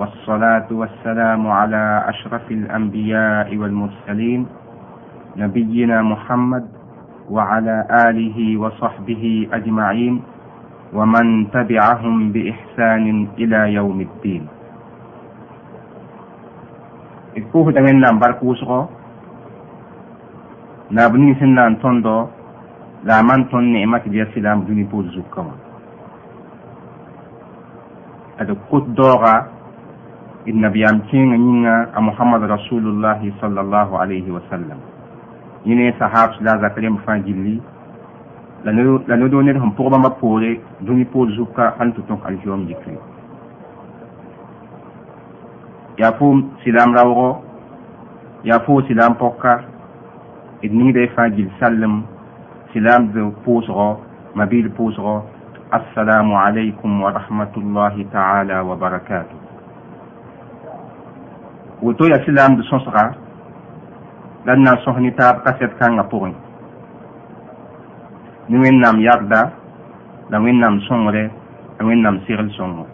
والصلاة والسلام على أشرف الأنبياء والمرسلين نبينا محمد وعلى آله وصحبه أجمعين ومن تبعهم بإحسان إلى يوم الدين إكوه دمين نام باركوسغو لا innabiyam kenga yĩnga a muhammad rasulullahi sallallahu alayhi wa sallam yẽ ne sahabs la a zak rẽmb fãa gilli la no-doo ned sẽn pʋg bãmba poore dũni zuka hal tɩ tõk alkiom yikri yaa pʋʋm silaam raoogo yaa pʋʋg silaam pɔka d ningda y fãa gill sallem silaamd pʋʋsgɔ mabiil pʋʋsgɔ assalamu alaykum wa rahmatullahi taala wa barakatuh woto yaa silaamd sõsga la d na n sõs ne taab kasɛt kãngã pʋgẽ ne wẽnnaam yagda la wẽnnaam sõngre la wẽnnaam segl sõngo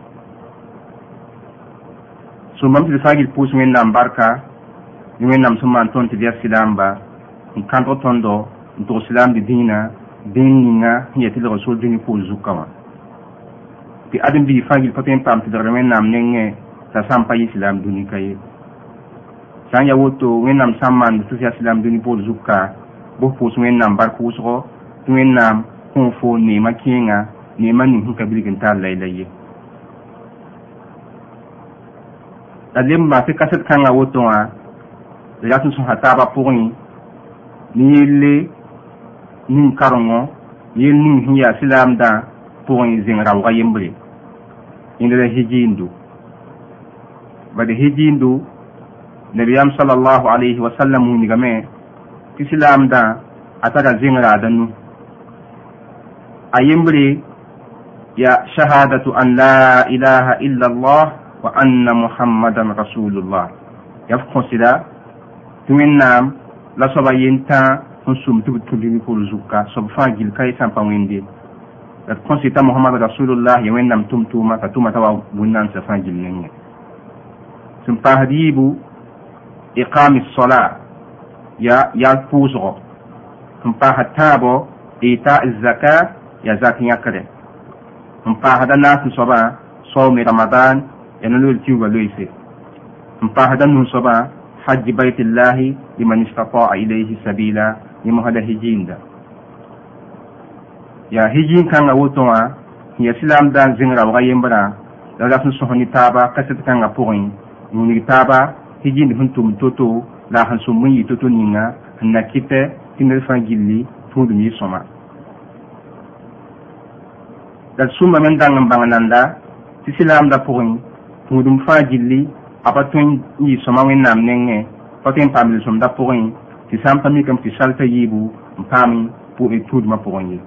so mam tɩ d fãa pʋʋs wẽnnaam barka ne wẽnnaam sẽn maan tõnd tɩ d silaamba n kãndg tõndo n tʋg silaamd dĩinã dĩin ninga sẽn yaa tɩlg sol dũni pʋʋs zukã wã tɩ biig pa tõe n paam wẽnnaam nengẽ t'a sã n pa yɩ silaam dũni ka ye sã woto yaa woto wẽnnaam sã n maand tɩ silam dũni pool zugka bf pʋʋs wẽnnaam bark wʋsgɔ tɩ wẽnnaam kõ fo neemã kẽenga neemã ning sẽn ka bilg n taar layla ye la lembã tɩ kaset kãngã woto wã la yaa sẽn sõsa taabã pʋgẽ ni yelle ning karengõ yel ning sẽn yaa silaamdã pʋgẽ zeng raooga yembre yẽnd la higiindu bad higiindu نبيام صلى الله عليه وسلم نغمي تسلام دا أتاك زنرا دنو أيمبري يا شهادة أن لا إله إلا الله وأن محمدا رسول الله يفقه سيدا تمين نام لا صبا ينتا هنسوم تبتلين كل زكا صبا فاجل كاي سامبا ويندي لا تكون محمد رسول الله يوين نام تمتوما فتوما توا بنان سفاجل ننجي سمبا هديبو إقام الصلاة يا يا فوزغو مباها تابو إيتاء الزكاة يا زكاة يكري مباها دنات صبا صوم رمضان ينلو ينلول ليسي لويسي مباها دنو صبا حج بيت الله لمن استطاع إليه سبيلا لمهد هجين دا يا هجين كان أوتوا يا سلام دان زنرا وغيين برا لا لفن صحني تابا قصد كان أبوغين ونير تابا ijindi hun tum toto la han sum mun yi toto ninga na kite tingal fa gilli tudu mi soma da summa men dangam bangananda ti silam da porin tudum fa gilli apa tun yi soma wen nam nenge patin pamil sum da porin ti sam pami kam ti salta yibu mpami pour e tudu ma porin yi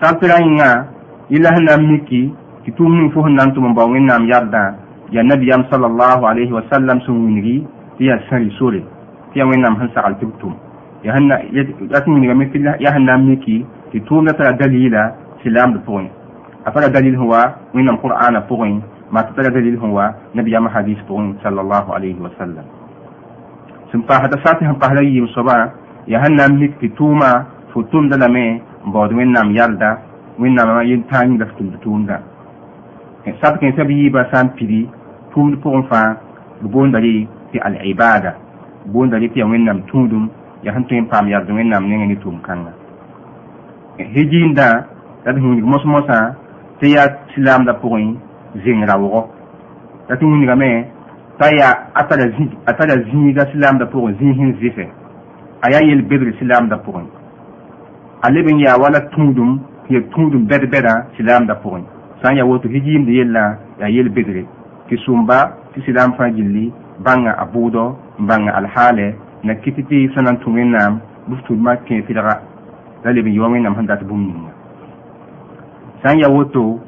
salta nga ila miki ki tum ni fo hanam tum ba wen nam yadda يا نبي صلى الله عليه وسلم سمينغي يا سري سوري يا وين نام هنسا على يا هنا يتم نغمي في الله يا هنا ميكي تتوم نترى دليلا سلام بطوين أفرى دليل هو وين نام قرآن بطوين ما تترى دليل هو نبي ما حديث بطوين صلى الله عليه وسلم سمتا حتى ساتي هم قهلي يمصبا يا هنا ميكي تتوما فتوم دلمي بعد وين نام يالدا وين نام يلتاني لفتوم بطوين ده sab eh, kẽ sab yiibã sã n pidi tũud pʋgẽ fãa b boonda re tɩ al-ibada boonda re tɩ ya wẽnnaam tũudum ya sẽn tõe n paam yard wẽnnaam nengẽ ne tʋʋm-kãngã eh, higiindã la d wing mos-mosã tɩ yaa silaamdã pʋgẽ zeng raoogo la tɩ wingame t'a yaa a tara zĩiga silaamdã pʋgẽ zĩig sẽn zɩfe a yaa yel-bedr silaamdã pʋgẽ a leb n yaa wala tũudum tɩ ya tũudum bɛd-bɛdã silaamdã pʋgẽ sã n yaa woto higiimd yella yaa yel bigre tɩ sũmba tɩ sɩdam fãa gilli bãnga a buudɔ n na kɩt tɩ sã na n tũ wẽnnaam bf tũudmã kẽ pɩdga la leb n yɩ wa wẽnnaam sẽn dat bũmb ninga sã n yaa woto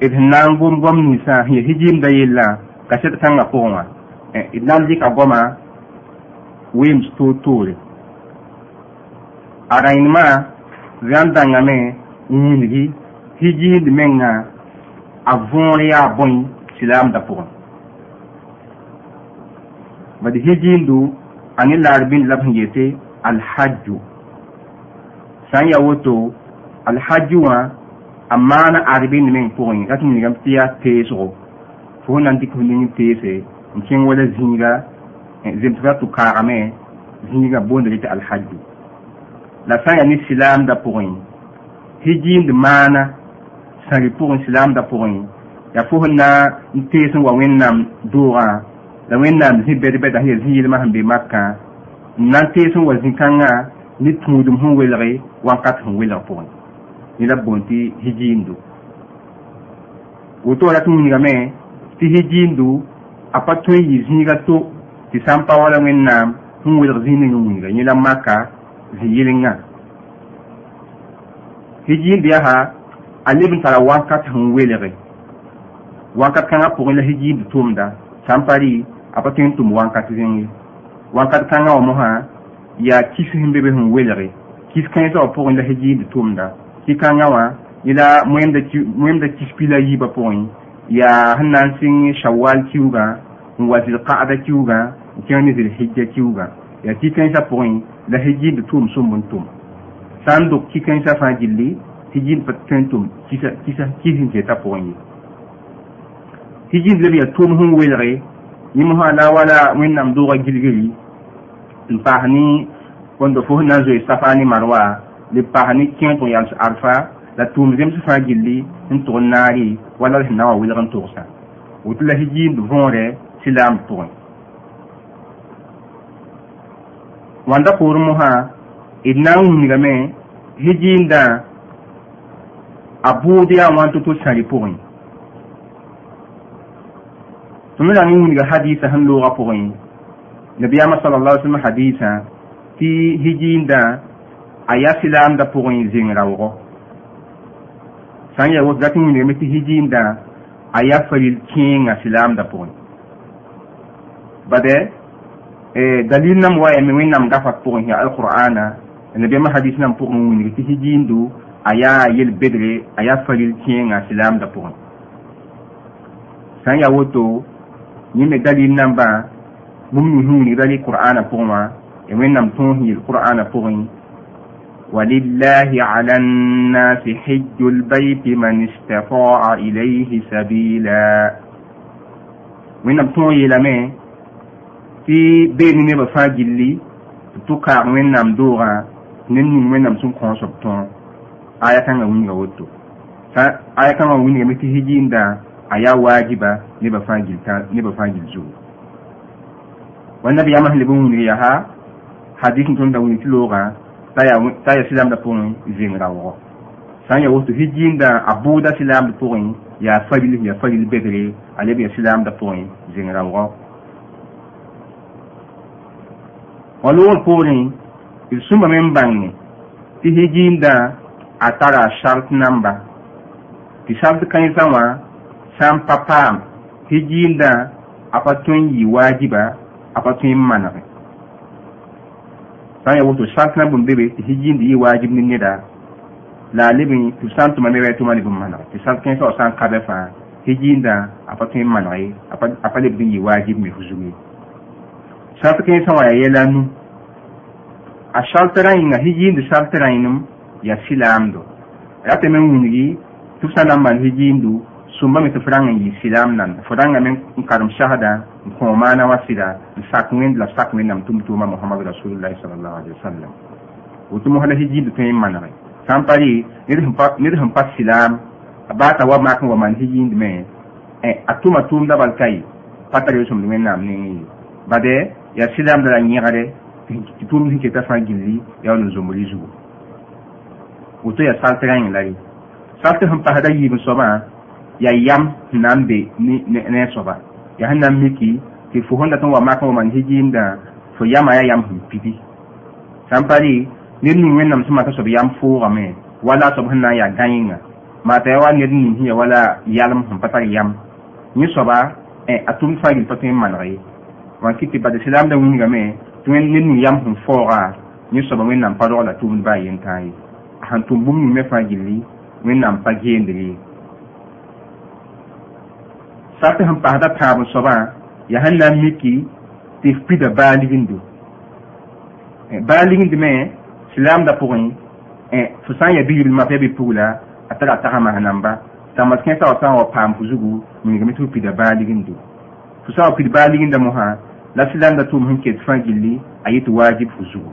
d sẽn gom gom ninsã sẽn yaa higiimda yella ka sɩd kãngã pʋgẽ wã e, d na n dɩka goama weems toor toore a rãynemã d na n dãngame n yĩngi hijiid menga a võor yaa bõe silaamdã pʋgẽ bad hijiindu a ne laar bĩnd la b sẽn yeete alhajju sã n yaa woto alhajju wã a maana arbɩnd meng pʋgẽ ratɩ ningame tɩ yaa teesgo fo fõn na n dɩk f ning teese n kẽng wala zĩiga eh, zemsga tɩ kaagame zĩiga boondre tɩ alhajju la sã n yaa ne silaamdã pʋgẽ hijiind maana sãre pʋgẽ silaamdã pʋgẽ yaa fo sẽn na n tees wa wẽnnaam doogã la wẽnnaam zĩ bɛd-bɛda sẽn yaa zĩ-yɩlmã sẽn be makã n na n n wa zĩ-kãngã ne tũudum sẽn welge wãnkat sẽn welg pʋgẽ ne la boon tɩ higiindo woto ra wingame tɩ higiindo a pa tõe n yɩ zĩiga to tɩ sã n pa wala wẽnnaam sẽn welg zĩ ning n winga yẽ la maka zĩ-yɩlngã yaa a lebn tara wakat hun welge wakat kanga pʋgẽ la hiji du tumda n pa rɩ a pa tõe n tʋm wakat rẽnge wakat kãngã wã mosã kis sẽn be hun sẽn kis kãensa wã pʋgẽ la higiimd tʋʋmda tɩ-kãngã wã yela moemda kis ki yiibã pʋgẽ yaa sẽn na n sɩng shawal kiuugã n wa zil qada kiuga n zil-hijja kiuga ya tɩ-kãensã pʋgẽ la hiji du tum n tʋm sã n dʋk tɩ-kãensã hijin patentum kisa kisa kisin te taponyi hijin lebi ya tom hun welre ni mo hala wala min nam do gilgili mpahni kondo fo na zo safani marwa le pahni kiento yal arfa la tum zem se fa gilli en tonari wala na wa welran tosa wutla hijin vonre silam ton wanda pour mo ha idna un nigame hijin da abuudhi awantu tosali pʋgẽ tɩ me ra ne wilga hadiisa sẽn looga pʋgẽ nabiyaamã sal la salm hadiisã tɩ higiindã a yaa silaamdã pʋgẽ zeng raoogo sã n wasu woto dat n wilgame tɩ higiindã a yaa faril kẽenga silaamdã pʋgẽ bade e, dalil nam wa yame wẽnnaam gafa pʋgẽ alqur'ana nabiyaamã hadiis nam pʋgẽ n wilg tɩ higiindu a yaa yel bedre a yaa faril kẽengã da pʋgẽ sãn ya woto yẽ me dalil nãmbã bũmb ning sẽn wilgda rɩ qur'ana pʋgẽ wã y e wẽnnaam tõog sẽn yel qur'ana pʋgẽ walillahi ala nnaasi hijju lbayti man istataa ilayhi sabila wẽnnaam tõog yeelame tɩ beel ne nebã fãa gilli tɩ tʋ kaag wẽnnaam doogã ned ning wẽnnaam sẽn kõosb tõog aya kanga winiga woto ta aya kanga winiga miti hijinda aya wajiba neba fagil ta neba fagil zu wannan biya mahli bun wuniga ya ha hadisin tun da wuni tiloga ta ya ta ya silam da pon zinga wo san ya wato woto da abuda silam da pon ya fagil ya fagil bedre ale biya silam da pon zinga wo walor pore il sumba men bangne ti hijinda a tara shart namba tɩ shart kãensã wã sã pa paam tɩ gɩɩldã a pa tõe n yɩ a pa tõe n manege sã ya woto shart na bũmb bebe tɩ sɩ yɩ waagib ne neda la a leb tɩ b tʋma me wɛɛ tʋma leb manege tɩ shart kãensã kabɛ fãa a pa tõe n manege a pa lebd n yɩ waagib me fu zugu ye shart kãensã wã ya yɛla nu a shart ra yĩnga shart ra ya silam ya rata men wingi tu salam man hijindu sumba mi tufranga yi silam nan furanga men karam shahada ko mana wasila sakwen la sakwen nam tum tuma muhammad rasulullahi sallallahu alaihi wasallam utumu hala hijindu to yin manare sampari nirhum pa silam abata wa makan wa man hijindu me eh atuma tum da balkai patari yusum men nam ni bade ya silam da nyagare tum hin ke ta fangili ya no zumuri zuwa woto ya saltɩrãyẽ la re sal tɩ sẽn yi yiib soabã ya yam nan na ni be ne a ya yaa miki ki fo da dat n wa maka wa man higiimdã fo yamã yaa yam sẽn pidi sã n pa re ned ning wẽnnaam sẽn mata soab yam me wala soab sẽn na ya yaa gã yĩnga maata ya wa ya wala yalm hun pata yam eh, yam yẽ soaba a tun fa yin pata yin n maneg ye da kɩ tɩ bad ga me tun ne ning yam sẽn faooga yẽ soaba wẽnnaam pa rogla tun baa yen ta ye hantu bum mi mefa gilli min nan pa gendili sapi han pahda tabu soba ya hanna miki ti fida baligindu eh, baligindu me silam da pourin e eh, fusan ya bibil ma pebe pula atara taha ma hanamba tamas ken sa sa wa pam fuzugu mi ga mitu fida baligindu fusan fida baliginda mo ha la silam da tum hin ke tfangili ayitu wajib fuzugu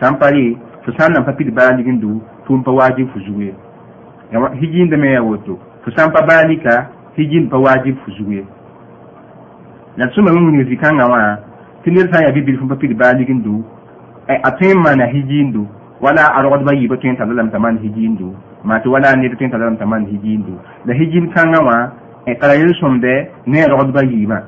sampari fusan nan pa fida baligindu tum pa wajib fu zuwe hijin da me ya woto fu san pa balika hijin pa wajib fu zuwe la suma mun ni zikanga wa tinir san ya bibil fu pa pil baligin du ay e, atin mana hijin du wala arod bayi ba tin talalam taman hijin du ma to wala ni tin talalam taman hijin du da hijin kanga wa ay e, karayin somde ne arod bayi ma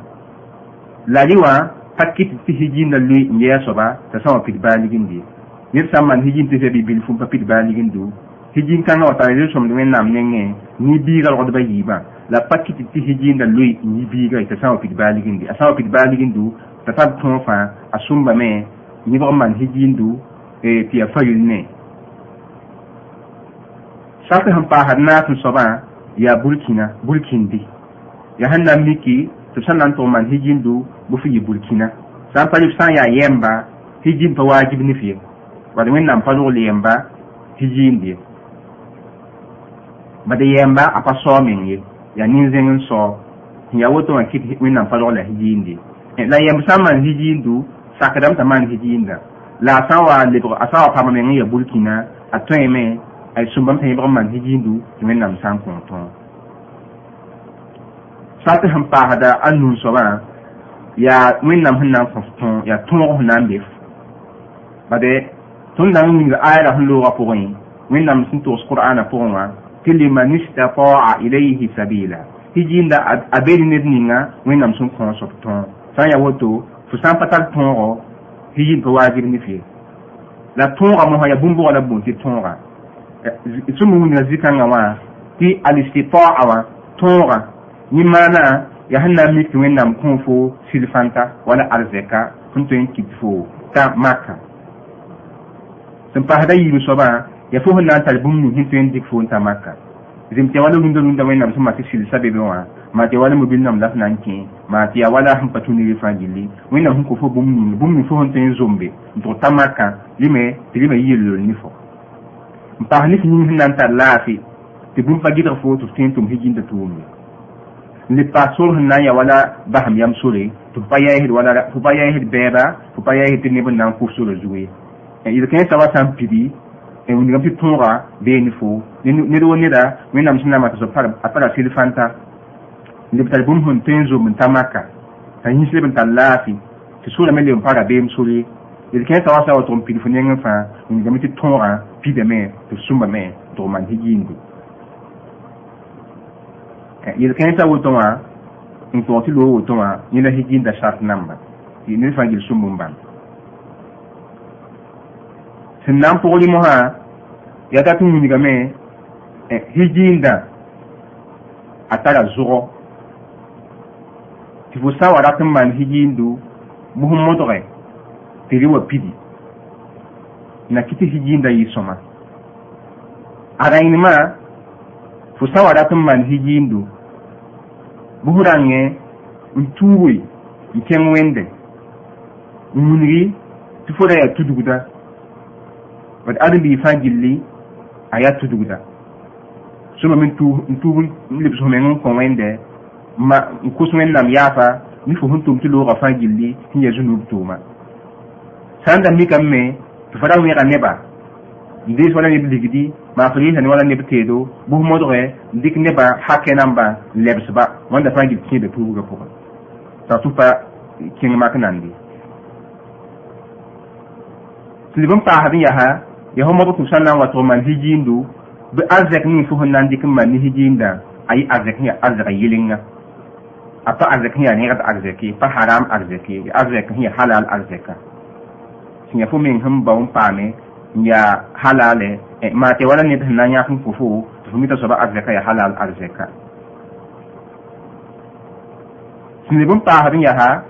la liwa pakit hijin da lui nyeso ba ta sama pil baligin di ned sã n man higin tɩ fɛ bɩ fu pa pid baa ligendu higin kãngã wa tara rel-sõmd wẽnnaam nengẽ ni-biigã rogdbã yɩɩbã la pa kɩt hijin da loe ni-biigã t'a sã n wa pid baa ligendi a sã n wa pid baa ligendu t'a tar tõog fa a sũmbame yẽbg n man higiindu tɩ yaa fa yʋl ne sak sẽn paasd naag tɩ soabã yaa burkina burkindi yaa sẽn na n miki to san nan n na n tʋg man higiindu bɩ fo yɩ burkina sã n pa yib sã n yaa hijin higiin pa waajib nif ye bari wẽnnaam pa zog yemba tɩ zĩind ye bad yɛmba a pa sao meng ye yaa nin-zẽng n sao sẽn yaa woto wã kɩt wẽnnaam pa zog eh, la higiinde la yɛmb sã n maan higiindu sakdame t'a maan higiinda la a sã n wa lebg a sã n wa paama meng n yaa burkina a tõeme a eh, sũmbame t'a yẽbg n maan higiindu tɩ wẽnnaam sã n kõo tõog sat sẽn paasda a nun-soabã yaa wẽnnaam sẽn na n kõs tõog yaa tõog sẽn na n bef bade tõnd na n ninga aayra sẽn loogã pʋgẽ wẽnnaam sẽn togs qur'ana pʋgẽ wã tɩ liman istataa ilayhi sabila tɩ yĩnda a be ne ned ninga wẽnnaam sẽn kõosb tõog sã n ya woto fo sã n hijin tar tõogo tɩ yĩnd pa waazib ne fe la tõoga mosã ya bũmbʋgã la bũmb tɩ tõoga eh, sẽn me wingã zi-kãngã wã wa. alistitaa wã tõoga ni maana ya sẽn na n mik tɩ wẽnnaam kõ fo silfãnta wala arzɛka kun tõe n kɩt fo maka sẽn yi yiibu soabã ya fi sẽn na n tar bũmb nu fo ta maka zĩm tɩ ya wala rũndã rũndã wẽnnaam sẽn masɩ sɩlsa be be wã maa tɩ ya wala mobil nam la sẽn na n kẽ ya wala ko fo bũmb nin bũmb nin fo sẽn zombe n ta maka lime tɩ lime ne fo n paas nins yĩng sẽn na n tar laafɩ tɩ bũmb pa gɩdg fo tɩ f tõe n tʋm higĩnda tʋʋmde ya wala basem yam sore tɩ f pa yɛɛsd wala pa pa na n kʋf yɩd kẽ yeta wa sã n pidi wingame tɩ tõoga beene fo ned wo neda wẽnnaam sẽn a tara sɩd fãnta leb tar bũmb sẽn tõe n zom n ta maka t'a yĩs leb n tar laafɩ tɩ leb n beem sore yel kẽ wa wa tog n pid fo neng fãa wingame tɩ tõogã pidame tɩ sũmbame n tog n maan yel kẽ t'a woto wã n tog tɩ loog woto wã yẽ la higiinda sart namba ned fãa gil sũmb n sẽn na n pʋglɩ mosã yaa tat n wingame eh, higiindã a tara zʋgɔ tɩ fo sã wa rat n maan higiindu bus modge eh. tɩ rɩ wa pidi na kɩ tɩ higiindã yɩ sõma a rãynemã fo sã wa rat n maan higiindu bus rãngẽ n tuuge n kẽng wẽnde n wilgi tɩ fo ra yaa tudgda wat adam bi tudu aya su ma min tu ntubun nlib so men ko de ma nkus men nam yafa mi fo huntum ti loga fangilli tinya zunub tuma sanda mi kamme to fara wi ka neba ndi so la ni digdi ma fili tan wala ne btedo bu mo dore dik neba ba namba ba wanda fangil tinya be tubuga pokon ta tupa king maknandi Silibin pahabin yaha yahoma bu tusan na wato man hijindu bi azek ni suhun nan dikin man ni hijinda ayi azek ni azek yilinga apa azek ni ne gat ki pa haram ki azek ni halal ka sinya fu min hum ba umpame ya halale e, ma te wala ne na nya fun fufu fu mi ta so ba azeka ya halal azeka sinne bun pa harin ya ha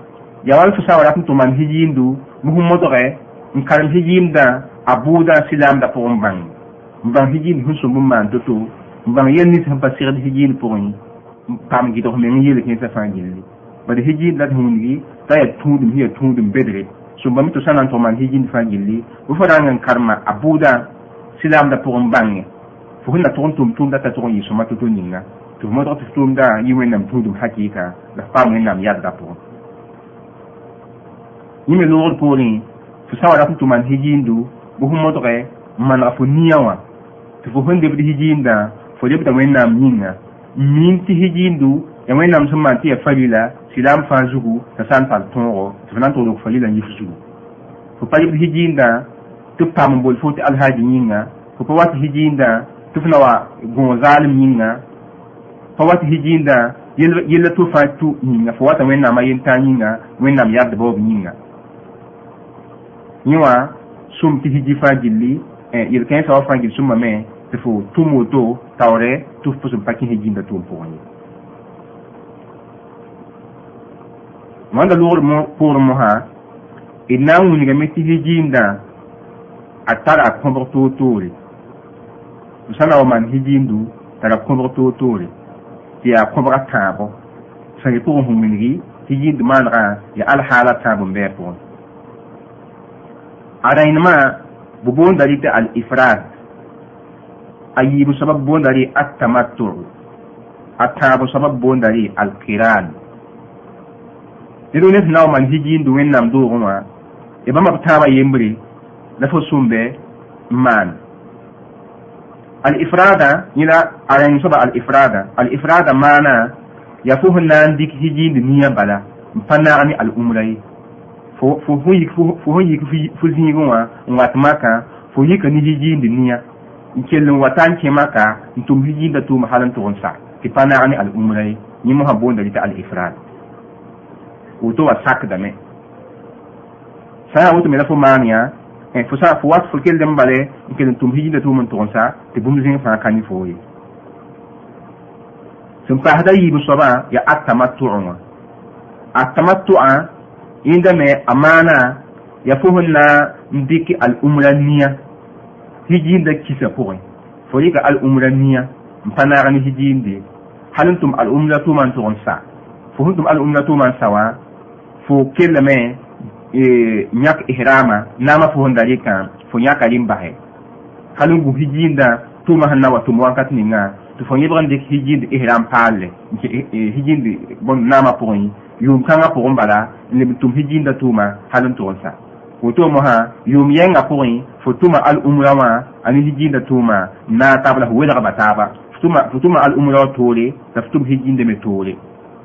ya wal fu wala tun man hijindu muhummodo re in karam hijinda a buda silamda pʋgẽ bãng n bãng higiin sẽn sũmb n maan to-to n bãng yel nins sẽn pa segd higiin pʋgẽ n paam gɩdg meng n yel kẽensã fãa gilli bad higiin la d wĩngi t'a yaa tũudum sẽn yaa tũudum bedre sũmbame tɩ sã na n tʋg maan higiin fãa gilli bɩ fo n karema a buuda silamda pʋgẽ bãnge fo sẽn na tʋg n tʋʋm t'a tʋg n yɩ sõma to-to ninga tɩ fo modg tɩ f yɩ wẽnnaam tũudum hakɩɩka la f paam wẽnnaam yadda pʋgẽ yẽ me loogd poorẽ fo sã wa rat n tʋ maan bu fu modge manega fo nia wã tɩ fo sẽn lebd fo lebda wẽnnaam e yĩnga n min tɩ hijindu ya wẽnnaam sẽn maan tɩ ya falila silaam fãa zugu t'a sã n tall tõogo tɩ f na n tʋglg falila n yif zugu fo pa lebd higiindã tɩ paam n bol fo tɩ alhaaji yĩnga fo pa wat higiindã tɩ f na wa gõo zaalem yĩnga pa wat higiindã yella to fa tʋ yĩnga fo wata wẽnnaamã e yentã yĩnga wẽnnaam e yardba b yĩnga yẽ wã sum ti hiji fangilli yelkẽ sã wa fãngil sũmã me tɩ fo tʋm woto taoorɛ tɩ f pʋsm pa kẽsẽ gĩnda tʋʋm pʋgẽ ye wãnda logr pʋʋrẽ mosã d na n wingame a tara a kõbg toor-toore b na wa maan higiimdu tara kõbg toor-toore tɩ yaa kõbga tãabo sẽn y pʋgẽ sẽn wingi higiimd maanegã yaa alhaala tãab n bɩa pʋgẽ arayinmaa buboon dariitti al-ifraad ayyibu sabab boon darii attamattu attaabu sabab boon darii al kiran niduunis naw man hijiin duwin nam duuguma ibamab taaba yimbiri lafo sumbe maan al ifrada yina arayin soba al ifrada al ifrada mana yafuhu naan dik hijiindi niya bala mpa naani al-umrayi fo yik fo zĩigẽ wã n wat maka fo yika ni yiyiindi nia n kell n wata n kẽ maka n tʋm yiyiinda tʋʋm hal n tʋg n sa tɩ pa naag ne al-umra ye yẽ mosã boonda rɩta al-ifrad woto wa sakdame sã n yaa woto me la fo maan yã e, fo sã fo wat fo kell n bale n kell n tʋm yiyiinda tʋʋm n tʋg n sa tɩ bũmb zĩng fãa ka ne foo ye sẽn paasda yiib soabã yaa atamatu'ẽ wã atamatu'ã yindame amana ya fo sẽn na n dɩk al-umra nia hijiinda kisã pʋgẽ fo yɩka al-umra nia n pa naag ne hijiinde hal n tʋm al-umra tʋʋma n tʋg n sa fo sẽn tʋm al-umra tʋʋma n sa wã fo kellame e, yãk ihrama naamã fo sẽn da rɩkã fo yãka rɩ n basɛ hal n gũs hijiinda tʋʋma sẽn na wa tʋm wãnkat ninga tɩ fo yẽbg n dɩk hijiind ihram paalle hijiind naamã pʋgẽ yʋʋm-kãngã pʋgẽ n bala n leb tʋm higiinda tʋʋma hal n tʋgẽsa woto mosã yʋʋm-yɛngã pʋgẽ fo tʋma al-umra wã a ne higiinda tʋʋma n na n tab la fo welgba taaba fo tʋma al-umra wã toore la fo tʋm higiinda me toore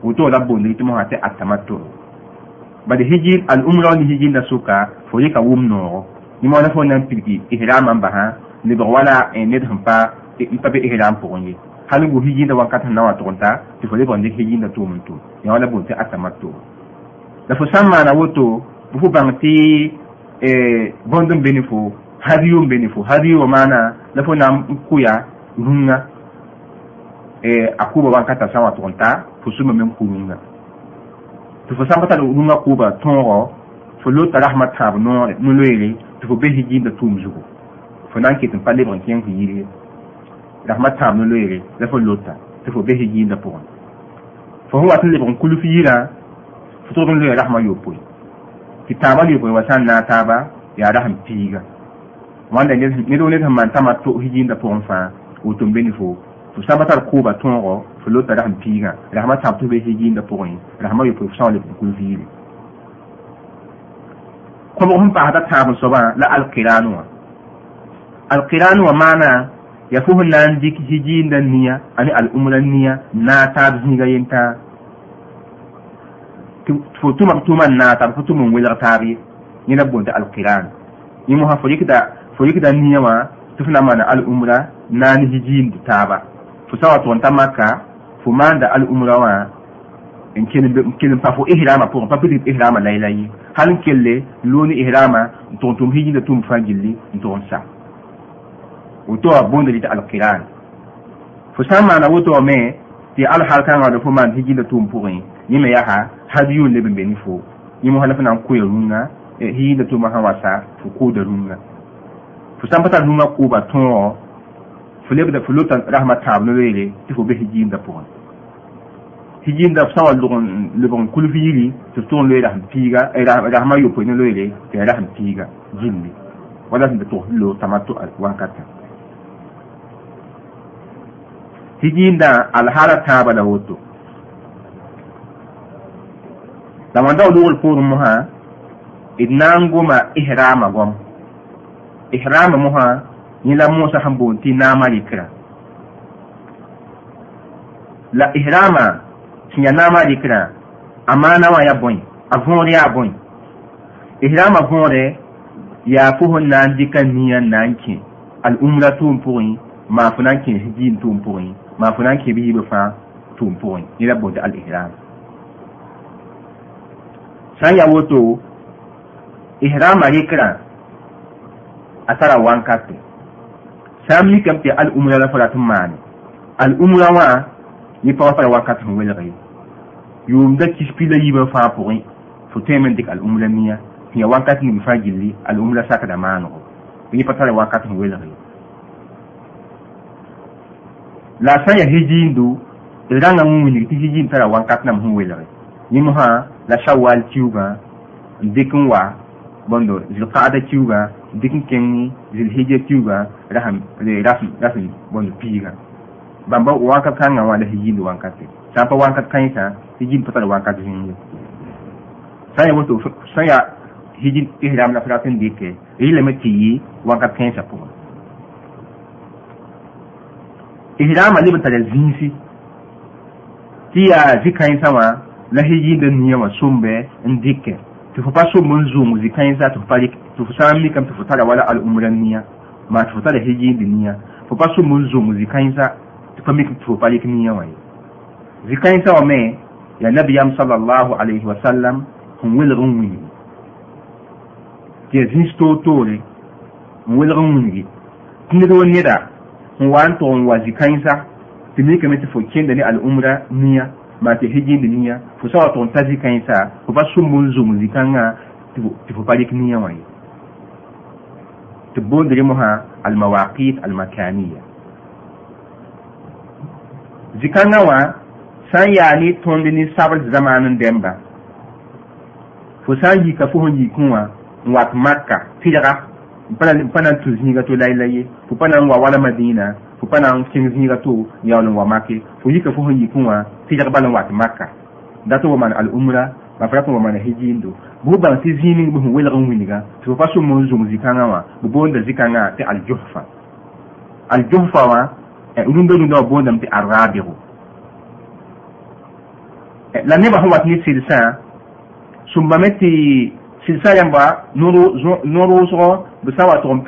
woto la bondri tɩ mosã tɩ atamato bad hijin al-umra ni higiinda sʋka fo rɩka wʋm noogo yĩmã wã la fo na n pirgi ihraamã n basã lebg wala eh, ned sẽn pa pa be ihraam pʋgẽ ye halgu hijinda wakkati nawa tugunta ti fo lebon dik hijinda tumum tum ya wala bunti atamat tu la fo sammana woto bu fo bang ti e, bondum beni fo hadiyum beni fo hadiyo mana la fo nam kuya runga e, a kuba wankata sawa tugunta fo suma men kurunga ti fo sambata runga kuba tongo fo lota rahmat tab no no loyele ti fo be hijinda tum zugo fo nan kitin pa lebon kien ko yiri ndax mattaam no loyre dafa lotta te fo besi yiinda pʋgẽ fo fo wat n lebg n kulf yɩrã fo tʋgd n loe rasmã yopoe tɩ taamã yopoe wa na a taaba yaa rasm piiga wãnda ned ned sẽn maan tãma to yiinda pʋgẽ fãa woto n be ne fo fo sãba tar kʋʋba tõogo fo lotta rasm piigã rasmã tãm tɩ f besi yiinda pʋgẽ rasmã yopoe fo sã n lebg n kulf yɩre kõbg sẽn paasda tãab n soabã la al'kiranuwa maana ya kuhu nan jik hiji dan niya ani al'umuran niya na ta bi ga yenta fo tuma tuma na tab fo tuma wela tabi ni na bonta alquran ni mo ha fo yikda fo yikda niya ma tufna mana al'umra na ni hiji ta ba fo sawa ton tamaka fo manda al'umra wa n kelum pa fo ihrama pʋgẽ pa pidg ihrama laylã yi hal n kelle loni ihrama n tʋg n tʋm higinda tʋm fãa n tʋg n sa utoa bonde lita alkiran fo sã n maana woto me tɩ kan do fo maan higila da pʋgẽ ni me ya ha yʋʋl leb n be ne fo yẽ mosã la fo na n koya da higila ma sã wasa fo kooda rũngã fo sã n pa tar rũngã kooba tõogɔ fo rahma fo lota rasma ti nobeere tɩ fo be higiimdã pʋgẽ higiimdã f da wa lʋg lebg n kulf yiri to f tʋg da loe rasm rahma yo ko ne loeere da rasm piiga jinni wala sẽn da to lo tãma wãnkatã hijiinda alhaala taaba la woto la wãnda wa wani pʋʋr mosã d na goma ihrama gom ihraama mosã yẽ la mosa sẽn boond tɩ naama rɩkra la ihrama sẽn ya naama rɩkrã a maana ya bõe a võor ya bõe ihraama võore ya fo sẽn na niyan dɩka nia n na n kẽ al-umra tʋʋm pʋgẽ maa ma kuna ke bi bi fa tun poin ni la bod al ihram san ya woto ihram ari kra asara wan katte san mi kam ti al umra la fara tum mani al umra wa ni pa fara wan katte wel ri yum da spila yi ba fa poin fo temen dik al umra niya ni wan katte ni fa gilli al umra sakada manu ni pa tara wan katte wele ri la sã n yaa hijiindu d rãngã wẽ tara wãnkat nam sẽn welge yĩmsã la shawal tiuga n dɩk n wa bõndo zilkada kiugã n dɩk n kẽng zilhija kiugã rasm bõnd rafi bãmba wãnkat kãngã wã la kan wãnkate sã n pa wãnkat wankat hijiin pa hijin wãnkat zĩige sã n yaa woto sã hijin ihram la f rat n dɩke rɩ lame tɩ yɩ ihrama libu ta zinsi ti ya zikãy sãwã la da yĩnd n niãwã sʋmbɛ n fa so mun zo mu n zʋʋng to fari to fa n mikame tɩ fo tara wala al-umra ma to fa da hiji sẽ niya fa fa so mun zo mu zikãyẽnsã tɩ to fa mi to fa rɩk nia wai ye zikãyẽnsã wa me ya nabi am sallallahu alaihi wa sallam n welg n ke tɩ ya zĩs toor toore n ne n wĩngi wanto waji kansa timi kame ti fo kende ni umra niya ma hiji ni niya fo sawa ton tazi kansa fo pa sumun zum zikanga ti fo parik niya wani ti bondiri moha al mawaqit al makaniya zikanga wa san ya ni tondi ni sabal zamanin demba fo san yi ka fo hon yi kunwa wat makka tilga mpana tu zĩiga to lai la fu fo wa wala madina fo pa na n to n wa make fo yika fu sẽn kuma ti tɩ balan wa makka dato dat wa maan al-umra ba fa tɩ n wa maan eh, hijiindo bɩ fo bãng tɩ zĩig ning bɩ sẽn welg n wĩnga tɩ fo pa sʋm n zʋng zi zikanga wã bɩ boonda zi-kãngã tɩ al-jofa al-jofa wã rũndã rũndã wã boondame tɩ al-raabɩgo eh, la nebã sẽn wat ne sɩdsã sumba meti tɩd sã yãmba no-roosgɔ bɩ sã n wa tog n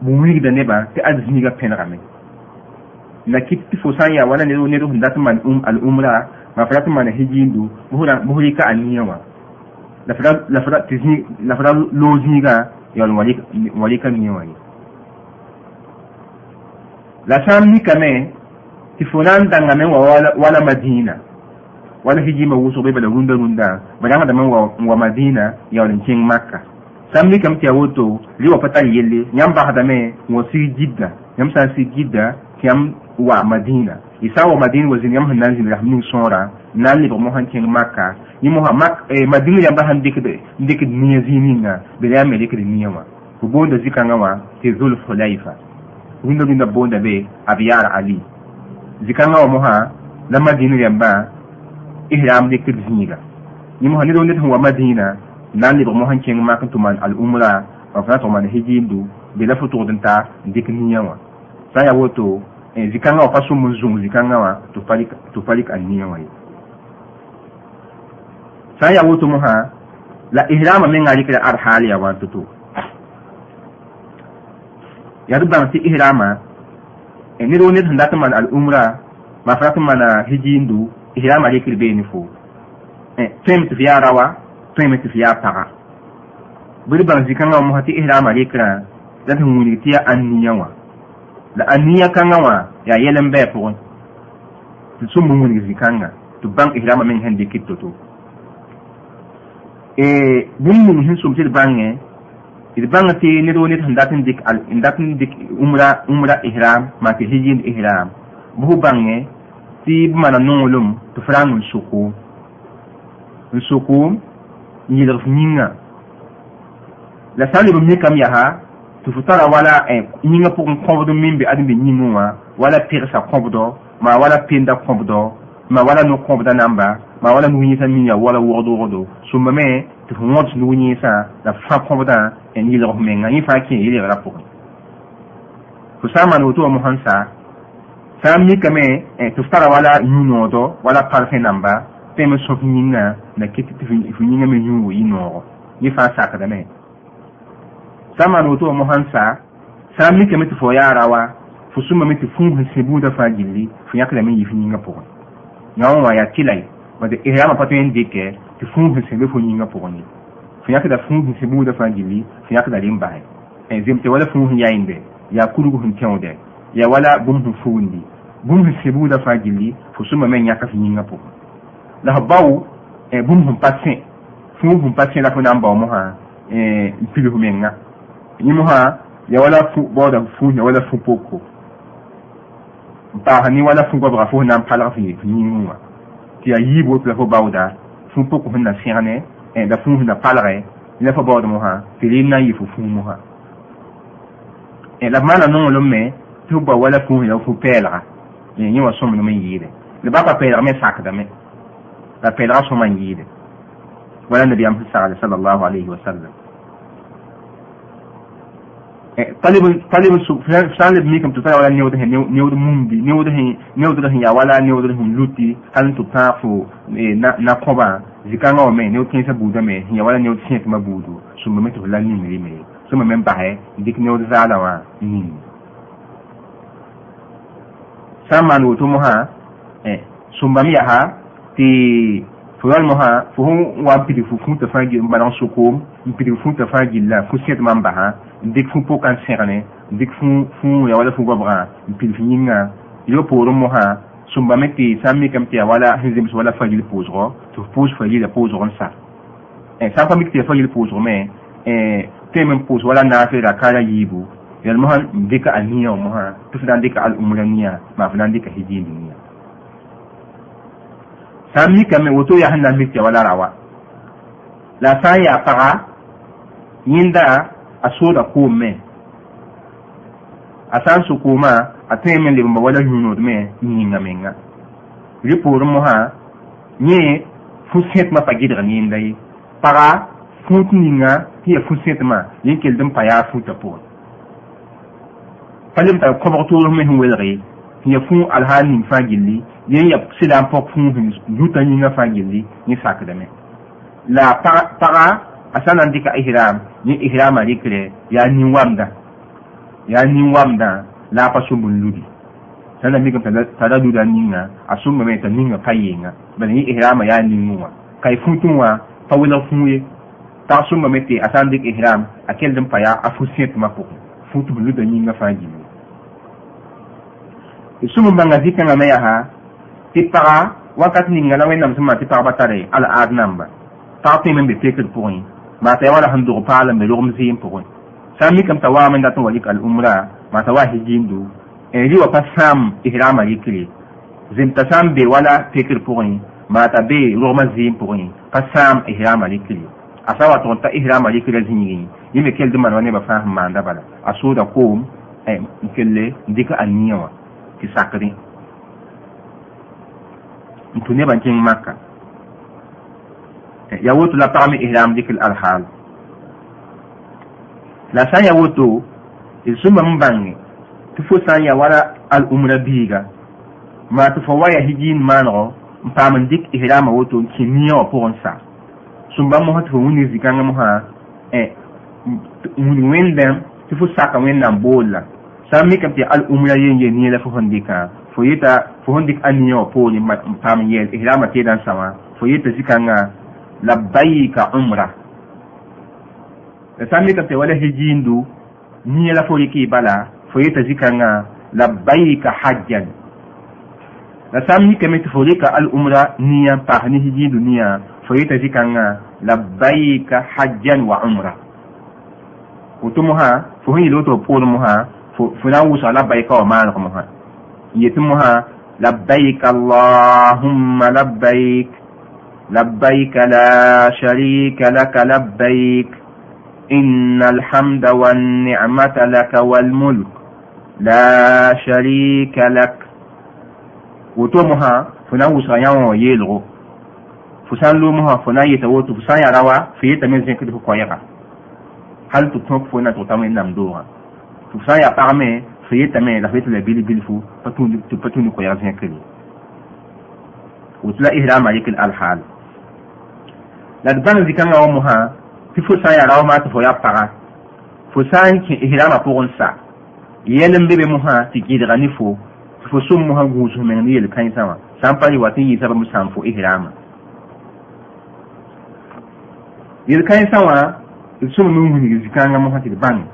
bu zĩigẽ da ne ba nebã tɩ a zĩiga pẽnegame um, la kɩt tɩ fo sã n wala ne ne sẽn da n um al-umra ma fa dat hijindu maana higiindu bf rɩka a nia wã la fa da loo zĩiga yaool n wa rɩka ka niyawa ni la sã n mikame ti fo nan n dãngame n wa wala madina wala hijima wusu be bala runda runda ba dama da wa wa madina ya wala cin makka samni kam tiya woto li wa patal yelle nyam ba hada me wo si jidda nyam sa si jidda kiyam wa madina isa wa madina wazin yam hanan zin rahmin sora nan li ba mo han cin makka ni mo ha mak e madina yam ba han dik dikde dikde niya zininga be ya me de ni yama ko bonda zikanga wa ti zul hulaifa runda runda bonda be abiyar ali zikanga wa mo ha la madina yam ba ihram ne kir zĩiga yẽ mosã ned ned sẽn wa madĩinã na n lebg mosã n kẽng mak n al-umra wa fa tuman hiji hijiimdu be la futu togd ta n dɩk nia wã sã n yaa woto zĩ-kãngã wã pa sõm n zũng zĩ-kãngã wã tɩ pa rɩk a nia wã ye sã n yaa la ihram men rɩkra ad haal yaa wa n to-to yaa tɩ bãng ihrama e ni wo da ta dat al-umra maa fãa tɩ maana ihram ale kiri bee ni fo tõe me tɩ f yaa rawa tõe me tɩ f yaa paga bd bãng zĩ-kãngã wã mosa tɩ ihram ale kirã la tɩ wilg tɩ yaa aniya wã la aniya kãngã wã yaa yɛl n bɩa pʋgẽ tɩ sũmb wilg zĩ-kãngã tɩ bãng ihramã meng sẽn dɩkd to-to bũmb ning sẽn sʋm tɩ d bãngẽ d bãng tɩ ned wo ned sẽn dat n dɩk umra ihram maa tɩ hijind ihram bf bãngẽ ti mana nuŋulum ti fulaŋ n suku n suku n yɩlgs yĩnga la sã n lebm mikame yaa tɩ fu wala yĩngã pʋgẽ kõbd min be adem be yĩngẽ wã wala pɩgsa kõbdɔ wala penda kõbdɔ wala nu-kõbda namba maa wala nug-yẽnsã min wala wogd wogdo sũmbame tɩ fu wõds nug-yẽnsã la fã kõbdã n yɩlgs menga yẽ fãa kẽ yɩlgrã pʋgẽ fu sã n maan woto wã sãn mikame tɩ eh, f tara wala yũ noodo wala parfe namba tõeme sõf yĩnga la ket tɩ f yĩnga me yũ yɩ noogo yẽ fãa sakdame sã maan woto wamo sãn sa sãn mikame tɩ fo yaara wa fo sũmame tɩ fũus sẽ buudã fãa gilli fo yãkdame n yɩ f yĩnga pʋgẽ yã wã wa yaa tɩla ye bad ihyamã pa tõe n dɩkɛ tɩ fũus sẽ be fo yĩnga pʋgẽ ye fo yãkda fũus sẽ buudã fãa gilli fo yãkda rẽ basɛ zemte wala fũus yaa yĩnde yaa sẽn ya wala bũmb f windi bũmb sɩb fo sũma me yãka la f bao bũmb sẽn pa sẽ fũ la fo n bao mosã n pilf ya wala baooda fũ ya wala fũ poko n paasa wala fũ goabga fo na n palg f yĩngẽ wã tɩ la fo baooda fũ poko sẽn na sẽgne eh, la fũ sẽn na la fo baood mosã na n yɩ fo fũ la tuba wala kũus ya fu pɛɛlga yẽ wa sõmd n yiide d ba pa pɛɛlg me sakdame la pɛɛlga sõma n yiide wala nabiyam sẽn sagde sal allahu alayhi wasallam talib talib sãn leb mikame tɩ tara wala neod neod mumdi neod neodr sẽn yaa wala neodr sẽn luti hal n tɩ b tãag fo na-kõbã zikãngã wame neod kẽensa buudame sẽn yaa wala neod sẽetmã buudu sũmbame tɩ f la ning rɩme sõma me n basɛ n dɩk neod zaalã wã ning samanwotumuha eh, sumbamiyaha ti furalmoha fo hu wa n pidg fu fũ tɩ fãa n bala n sokoom n pidg fũ tɩ fãa gilla fũ sẽd mam basã n dɩk fũ ya wala fũ goabgã n pidg fũ yĩngã yopoorẽ mosã sũmbame tɩ sã n mikame tɩ ya wala sẽn zems wala fagil pʋʋsgɔ tɩ f pʋʋs fagila pʋʋsg eh, sa sã n pa mik tɩ ya fagil pʋʋsgme tɩ me eh, wala naafɩ raka la yiibu yal mohan ndika aniya mohan tufu dan dika al umraniya ma fu dan dika hijiniya sami kame woto ya hanna mikya wala rawa la san ya paga yinda a ko me a san su koma a tõe me ba wala yũunod me ni yĩnga menga rɩ poorẽ mosã yẽ fũ sẽtmã ma gɩdg n yinda ye paga fũ tɩ ninga tɩ yaa ma sẽtmã yen keld n pa yaa Eh, pa leb t'a kõbg toorf mes n welge ya fun alhaal fagili fãa gilli yen ya sɩla n pɔk fũusẽ na fagili fãa gilli da mai la paga a sã na n dɩka ihram ne ihramã rɩkrɛ yaa nin-wamda ya nin-wamdã la a pa sũmb ludi sã na ka t'a da luda na a mai t'a ninga pa yenga bala yẽ ihramã yaa ning wã ka y fũ tẽ wã pa welg fũu ye tag sũmbame tɩ a san n dɩk ihram a keld din fa ya a fu sẽtmã pʋgẽ fũ tɩ b luda sumu bãnga nga me ha ti paga wakat ni nga wẽnnaam nam maa ti pagba batare al ad namba ta ti men be pekr pʋgẽ t'a ya wala handu dog paal me lugum rogem zɩɩm sami kam t'a wa men dat n wa lik al-umra ma t'a wa hijindu e rɩ wa pa sãam ihraamã rɩkre zem t'a sam be wala pekr pʋgẽ ma t'a be lugum zɩɩm pʋgẽ pa sãam ihraamã rɩkre a sã wa tʋg n ta ihraamã zin yi yẽ me kell dɩ maan wa nebã fãa sẽn maanda bala a sooda koom e, kelle n an a ti sakiri ntu neba n maka eh, ya woto la pagme ihram dɩk l alhaal la sã ya woto d e sũmba m bãnge tɩ fo sã ya wala al umra biiga maa tɩ waya wa ya higiin maanegɔ n paam n dɩk ihraamã woto n kẽ nia wã pʋgẽ sa sũmba mosã tɩ fo wingr zĩ-kãngã mosã wing wẽn-bɛm tɩ fo nan wẽnnaam la. san mi kam ti al umra yen yen ni la fo hondika fo yita fo hondik an yo po ni ma pam yen ihrama ti dan sama fo yita sikanga labbayka umra san mi kam ti wala hijindu ni la fo yiki bala fo yita sikanga labbayka hajjan la sam mi kam ti fo yika al umra ya pa ni hijindu ya fo yita sikanga labbayka hajjan wa umra wutumu ha fo hin loto po mu ha fo na n wʋsg labbayka wa maanegmsã n yetɩ mosã labbayk allahumma labbayk labbayk la sharika laka labbayk إن الحمد والنعمة لك والملك لا شريك لك وتومها فنا وسعيا ويلغو fusan lumaha funa yeta wotu fusan yarawa fiye ta min zin kidi ko yaga hal tu tok funa to tamin nam doha to sa ya pagme so yetame la fetu da bili bili fu patun patun ko ya zin kili wutla ihram alikil alhal la dan zikanga wa muha ti fo sa ya raw ma to fo ya paga fo sa ki ihram ma pogon sa yelen bebe muha ti kidra ni fo fo sum muha gusu men ni yel kan sama san pali watin yi sababu san fo ma. yel kan sama sum mun hun zikanga muha ti bang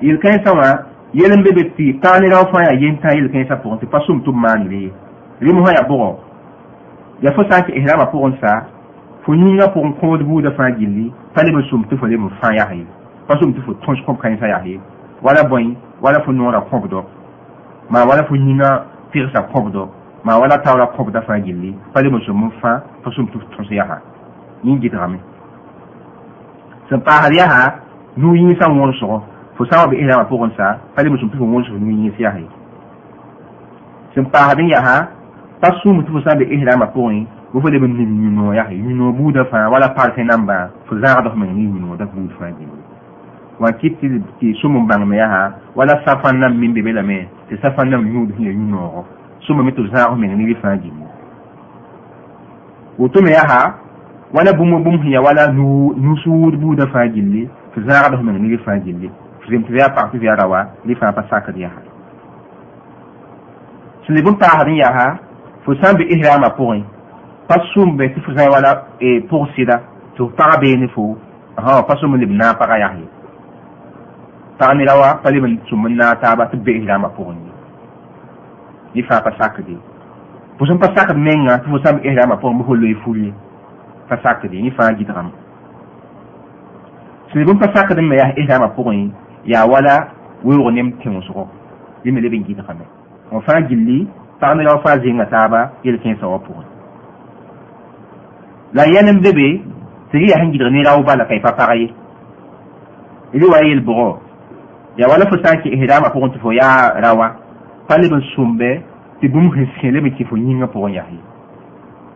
yelkãensã eh, wã yel n be be tɩ taag ne rao yaa yen tãag yelkãensã pʋgẽ tɩ pa sʋm tʋm maane re rẽ mosã yaa bʋgɔ yaa fo sã n tɩ ihrama pʋgẽ sa fo yĩngã pʋgẽ kõod buudã fãa gilli pa leb n sʋm tɩ fo leb n fãa yas ye pa sʋm tɩ fo tõs kõb-kãensã yas ye wala bõe wala fo noora kõbdɔ maa wala fo yĩngã pɩgsa kõbdɔ maa wala taoora kõbdã fãa gilli pa leb n sʋm n fãa pa sʋm tɩ fo tõs yasa yĩn gɩdgame sẽn paasd yaa nuu yĩnsã wõrsgɔ faut savoir bi ina pour sa fallait me soumpir mon sur ni si ahi sim pa hadin ya ha pas mu mutu sa bi ina ma pour ni vous fallait ben ni no ya ni no bu da fa wala par fait namba faut zaga da men ni no da bu fa ni wa kitti ki sumu bang me ya ha wala safan nam min bi bela me te safan nam yu da ni no sumu mitu zaga men ni fa ni woto me ya ha wala bumu bum hiya wala nu nusuud bu da fa gilli fa zaga da men ni fa gilli mpya kpakpi via rawa li fãa pa sakd yaa sẽn leb n paasd n yaa fo sã n be israamã pʋgẽ pa sʋmbe tɩ fo wala pʋg sɩda tɩ f pagã beene fo ã pa sʋm n leb n na n pagã rawa pa na n taaba tɩ be israamã pʋgẽ li fãa pa ye fo sẽn pa sakd menga tɩ fo sã n be israamã pʋgẽ bɩ fo loe pa sakd ye yẽ fãa gɩdgame sẽn leb pa sakd n me yaa israamã pʋgẽ ya wala wẽoog nem tẽngsgo bɩ me leb n gɩdgame fõ fãa gilli pag me rao fãa zĩnga taaba yel kin sa pʋgẽ la yɛl n bebe tɩ d yaa sẽn gɩdg ne rao bala kai fa pa pag ye e wa yel-bʋgo ya wala fo sã n kɩs rãmbã pʋgẽ tɩ fo ya rawa wã pa leb n sʋmbe tɩ bũmb sẽn sẽ leb n kɩ fo yĩngã pʋgẽ yas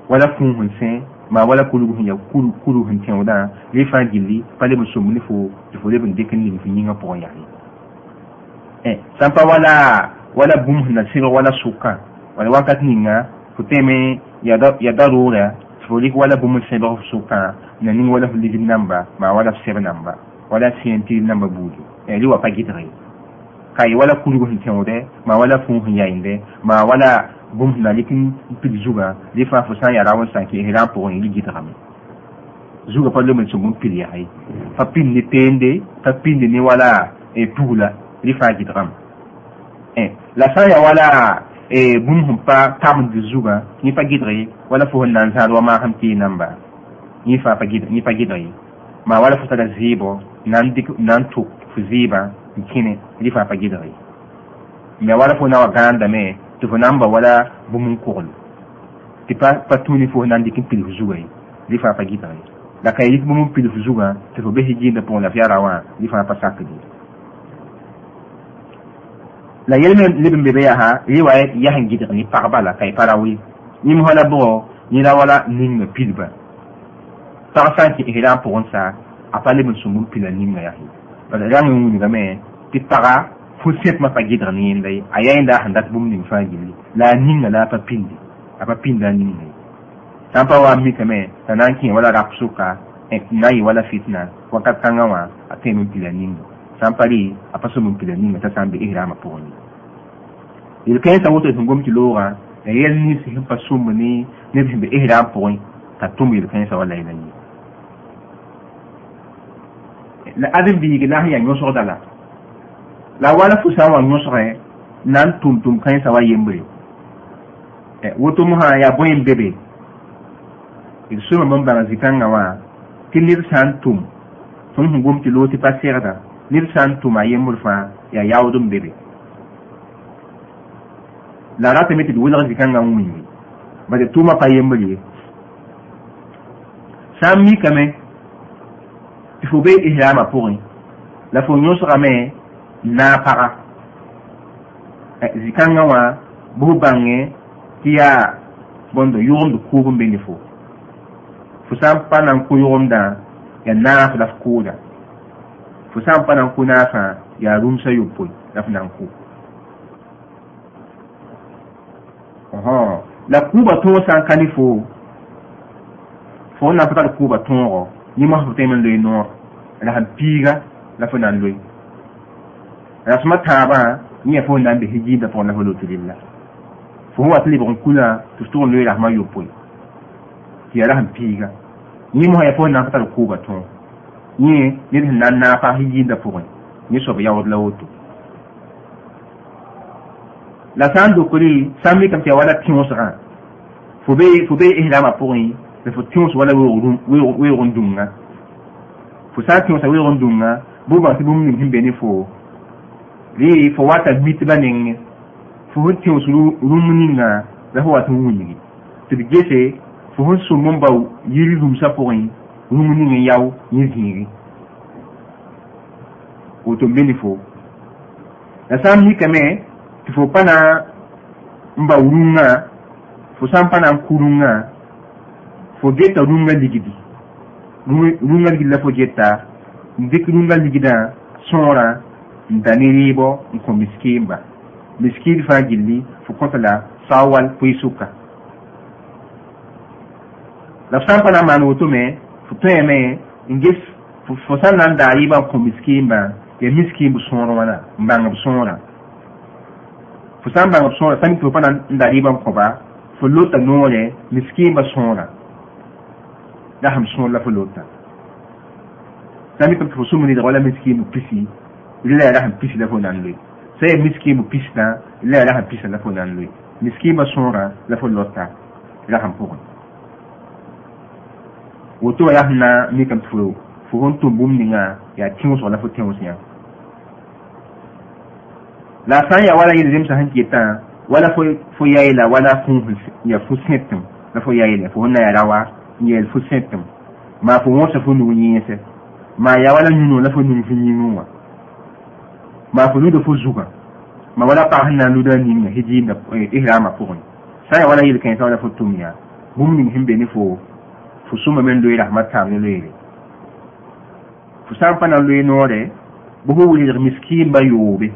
wala fũu sẽn sẽ ma wala kulugun ya kulugun tẽo dã le fãa gilli pa leb n sʋm ne fo tɩ fo leb n dɩk n ning fo yĩngã pʋgẽ yagye eh, sãn pa wala wala bũmb sẽn na sɩg wala sʋkã wala wakat ninga fo teme ya darooga tɩ fo wala bũmb n sẽbg f sʋkã na ning wala f ligd namba maa wala f sɛb namba wala sẽn tɩr namba buudu rɩ eh, wa pa gɩdge kaye wala kulugu sẽn tẽode maa wala fũu sẽn yayĩnde maa wala bũmb la rɩk n pid zugã rɩ fãa fo sã n yaa ra wẽn n keesẽ n pʋgẽ yɩl gɩdgame zugã pa n n yaa ye pa pĩnd teende pa pĩnd ne wala pugla rɩ fãa gɩdgame la sã n yaa wala e bũmb sẽn pa tamd zugã yẽ pa gɩdg ye wala fo sẽn na n zãad wa maag n tɩɩ namba yẽ fãa yẽ pa gɩdg ye maa wala fo tara nan na n tʋk fo zɩɩbã n kẽne rɩ fãa pa gɩdg ye me wala fo na wa gãandame tɩ fo na wala bũmb n kogl tɩ pa tuni fo na n pilifu n yi zugã fa dɩ fãa pa gɩtgẽ la ka yelɩk bũmb n pilf zugã tɩ fo bes gĩinda pʋgẽ la f yaa ra wã dɩ fãa pa la yel me leb n be be yaa yewa yaa n gɩdg ne pagba la ka y ni ra we yĩm fã la bʋgɔ yẽ la wala ninga pilba pag sã n kɩ'sɩ rã sa a pa leb n sũmb n pila ninga yaa bala rãng n wilgame tɩ paga fo sẽk mã pa ne yẽnda ye a yaa da a sẽn dat bũmb ning fãa gilli la a la pa pindi a pa pinda a ninga san sã wa mi mikame t'a na n wala rap soka na yi wala fitna wakat kãngã wã a tõeem n pila ninga sã n pa rɩ a pa som n pila ninga t'a sã n be israamã pʋgẽ ye yel-kãensã woto sẽn gom tɩ loogã la yɛl nins sẽn pa ni ne bi sẽn be israam ni t'a il kai sa wala ni la ãdem-biig la sẽn yaa yõsgda la la wala fu sã n wa yõsgẽ na n tʋm tʋm kãe woto mosã yaa bõe n bebe d soma bõn bãga zĩ-kãngã wã tɩ ned sã n tʋm tõnd sẽn gom a yembr fãa yaa yaood bebe la ratame tɩ d wilg zĩ-kãngã ba wingi tuma pa yembr ye sã n mikame tɩ fo be islaamã pʋgẽ la fo napaga eh, zikãngã wã bu bãngẽ tɩ yaa bõnd yʋgemd kʋʋb n be ne fo fo sã n pa na n kʋ yʋgemdã yaa naaf la f kʋʋda fo sã pa na n kʋ naafã yaa rũmsã yopoe la f na n kʋ la kʋʋba ba sã san ka ne fo fo n na n pa tar kʋʋba tõogo yẽ mosf tɩ m n loe no la sn piiga la fo na n loe rasma taabã yẽ fo na n bes gĩida tʋg nafa loto rella fo sẽn wa tɩ lebg n kũna tɩ f tʋg loe rasmã yopoe tɩ yaa ra sẽn piiga yẽ mosã fo na n tar kʋʋba tõog yẽ ned sẽn na n naag paas gĩida pʋgẽ ne soab yaood la woto la sã n dokre sã mikame tɩ wala tẽosgã fo be fo be islaamã pʋgẽ fo tẽos wala weoog n dũnga fo sã n tẽosa weoog n dũnga bũmb bãng tɩ bũmb ning sẽn be ne fo ri fowata mitla ning fuhun tiw suru rumuni nga zahuwa tun wuni tid gese fuhun sumun ba yiri rumsa poin rumuni ni yaw yin ziri woto mbeni fo la sam hikame ti fo pana mba urunga fo sam pana nkurunga fo geta runga ligidi runga ligidi la fo geta ndik runga ligida sõora ndaniribo nko miskimba miskiri fãa gilli fo kõta la sao wall pʋɩ-sʋka la f sã n pa na n maan wotome fo tõeme n ges fo sã n na n daa yɩɩbã n kõ miskiimbã yaa miskiimb sõor wãna n bãng b sõora fo sã n bãng b sõora sã mik lota noore miskiimbã sõora la sãm sõor la fo lota sã mik fo sũm nidg wala miskiimb pisi ila rahan pisi la fo nan loe sã yaa miskiimu pisdã la yaa rasãn pisã la fo nan loe miskiimã sõorã la lafo lota rasãn pʋgẽ woto wã yaa sẽn na mikame tɩ fo fo sẽn tʋm bũmb ningã yaa tẽosg la fo tẽos yã la sã n yaa wala yel zemsã sẽn ketã wala fo yaɛla wala kun n yaa fo sẽtem la fo yaɛla fo sẽn na yaa rawa n yɛɛl fo sẽtem maa fo wõsa fo nug yẽese maa yaa wala nunu la fo nung fo yĩnuu wã ma fulu da fuzuga ma wala pa hanna luda ni ni hiji na eh, ihrama pokon sai wala yil kan sawala futumya bum ni himbe ni fo fo fusuma men do rahmat tam ni loyele fusan pana loye nore bugu wuli miskin ba yobe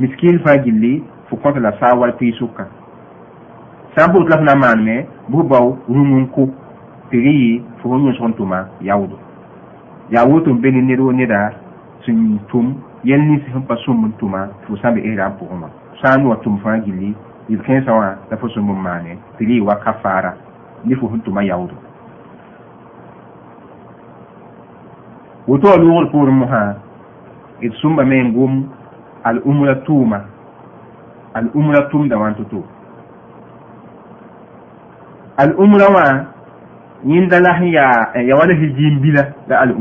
miskin fa gilli fo konta la sawal pi sukka sambo tla na man me bu baw rumun ko tiri fu nyon son tuma yawdo yawo tum beni ne do ni da sun tum yel ni se hon pa sou moun touman, fwo sanbe e ram pou ouman. San nou a tou mfan gili, li ken sa wan, la fwo sou moun mane, te li wak kafara, li fwo hon touman ya ou do. a lougol pou moun ha, et sou mba men goum, al oumou la da wan toutou. Al oumou la yin da lahi ya, ya bila, da al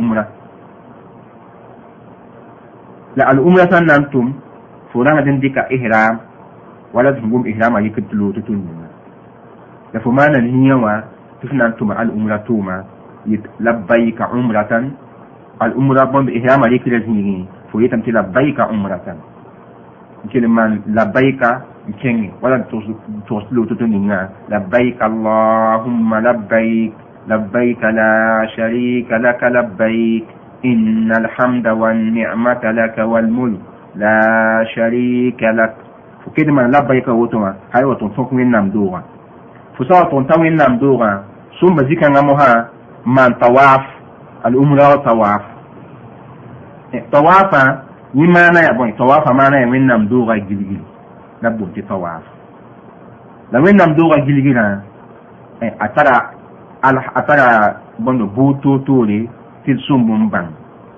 la al'umra sãn na n tʋm fo rãngd n dɩka ihram wala tɩ f gom ihramã yik tɩ loog tɩ tʋm yĩnga la fo maana niyã wã tɩ f na n tʋma al'umra tʋʋma yet labbayka umratan al'umra bõmb ihramã rɩkra zĩigẽ fo yetame tɩ labbayka umratan n kell maan labbayka n kẽngẽ wala n togs tɩ loog tɩ tʋ ninga labbayka allahumma labbayk labbayka la sharika laka labbayk إن الحمد والنعمة لك والملك لا شريك لك فكلمة لبيك وتما هاي وتنفق من نمدوغا فسوى تنتوي نمدوغا ثم ذكر نموها من طواف الأمراء طواف طوافا يمانا يبون طوافا مانا يمين نمدوغا جلجل نبو تي طواف لمن نمدوغا جلجل أترى أترى بندو بوتو تولي til sumbu mbang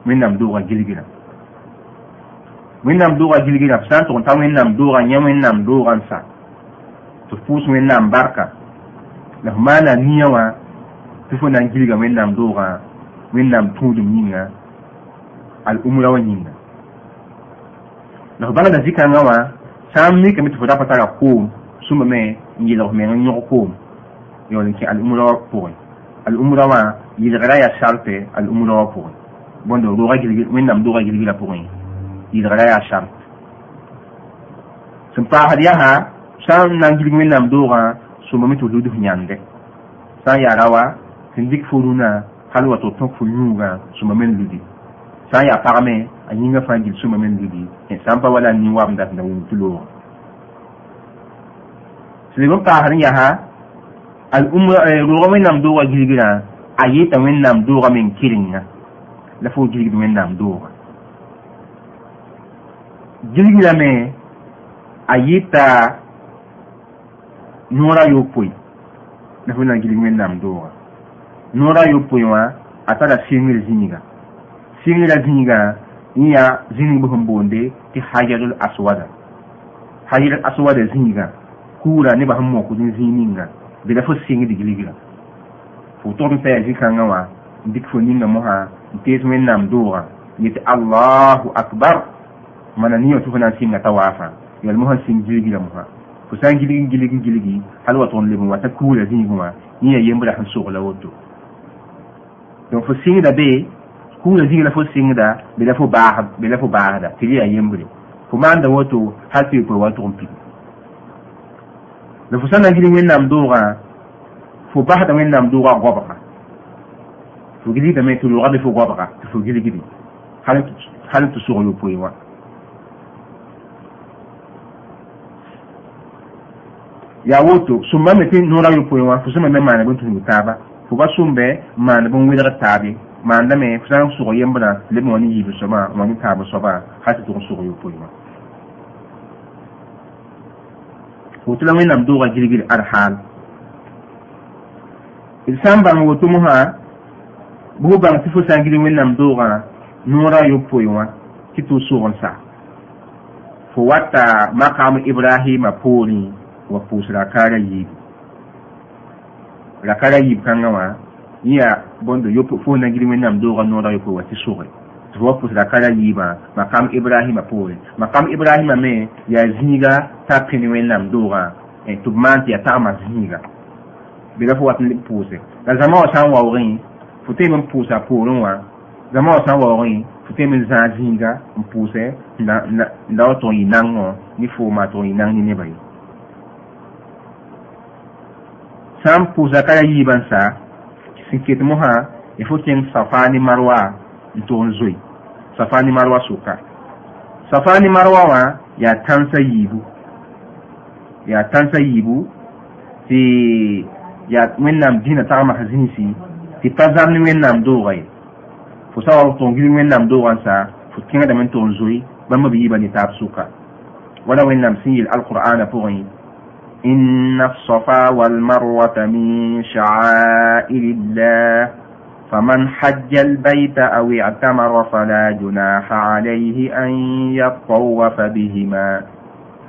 min nam duga wẽnnaam min nam duga sã n to n min nam duga nyam min nam duga sa to tɩ min nam barka la mana niyawa to wã tɩ fo na n gilga wẽnnaam doogã wẽnnaam tũudum al-umra wa yĩnga la bana da zika ngawa sam sã n to tɩ fo da pa tara koom sũmame n yɩlg meng n yõg koom yaool n kẽ al-umra wa pʋgẽ al-umra wa yɩlgra ya sharpe al umra wã pʋgẽ bõnd wẽnnaam doga yilgrã pʋgẽ yɩlgra yaa shart sẽn paasd yaha sã na n min wẽnnaam doogã sõmbame tɩ lud f yãnde sã n yaa rawa sẽn dɩk fo hal wa tɩ b tõk fo yũugã ludi san n a yĩngã fãa n gil ludi eh, san pa wala da yaha a ta yeta wẽnnaam doogã meng kɩrenga la fo gilgd wẽnnaam doogã gilgi lame a yeta noora yopoe la fo na gilg wẽnnaam doogã noora yopoe wã a tara sɩngr zĩiga sɩngrã zĩigã n yaa zĩnig bf n boonde tɩ hajarul aswada hajarul aswada zĩigã kuurã nebã sẽn mokd n zĩig ninga de la fo sɩngd gilgrã foto n paya zikãngã wã n fo ninga mosã n tees wẽnnaam doogã allahu akbar mana niyo to fana na tawafa sɩnga tawaafã yal mosã sɩng zirgila mosã fo sã n gilg n gilg n gilgi hal wa tog n leb n wata kuula zĩigẽ wã yẽ yaa yembra sẽn sogla woto donc fo da be Kula zĩig la fo da be la fo baasd be la fo baasda da. d ya yembre fo maanda woto hal tɩ ko koe on pi n fo sã na n gilg wẽnnaam fo bahda wẽnnaam dʋʋga a goabga fo gilgdame tɩ lʋgame fo goabga tɩ fo gilgdi hal tɩ sʋg yopoe wã yaa woto sũmbame tɩ noora yopoe wã fo sõma taaba fo ba sũmbɛ maand taabe maandame fo sã n sʋg yembrã tɩ leb wã ne yiib soabã wã ne taab ha n sʋg yopoe wã fo tɩ la wẽnnaam dʋʋga gilgd ad d sã n bãng woto mosã b fo bãng tɩ fo sã n gil wẽnnaam doogã noorã yopoe wã tɩ tɩ f sʋg n sa fo wata makam ibrahima poorẽ wa pʋʋs rakaara yiib rakaara yiib kãngã wã yẽ yaa fo na gil wẽnnaam doogã noorã yopoe wã tɩ sʋge tɩ fo wa pʋʋs rakaara yiibã makam ibrahima poorẽ makam ibrahima me yaa zĩiga t'a pẽn wẽnnaam doogã eh, tɩ b maan tɩ yaa tagma zĩiga bela fo wat n lib pʋʋse la zãma wã sã n waoog yẽ fo teem n pʋʋsa poorẽ wã zãma wã sã n waoog yẽ fo teem n zãag zĩiga n pʋʋsɛ n da wa tʋg yɩ nang wã ne fooma tʋg yɩ nang ne nebã ye sã n pʋʋsa ka yaa yiibã n saa sẽn ket mosã y e fo kẽng safa ne marwa n tʋg n zoe safa ne marwa soka safa ne marwa wã yaa tãnsa yiibu yaa tãnsa yiibu tɩ yaa wẽnnaam dĩinã tagmã zĩisi tɩ pa zãmb ne wẽnnaam dooga ye fo sa wa tʋʋm gil wẽnnaam doogã n saa fo d kẽngdame n tʋʋm zoe bãmba bɩ yiiba ne taab sʋka wala wẽnnaam sẽn yel alqur'ana pʋgẽ ye إن الصفا والمروة من شعائر الله فمن حج البيت أو اعتمر فلا جناح عليه أن يطوف بهما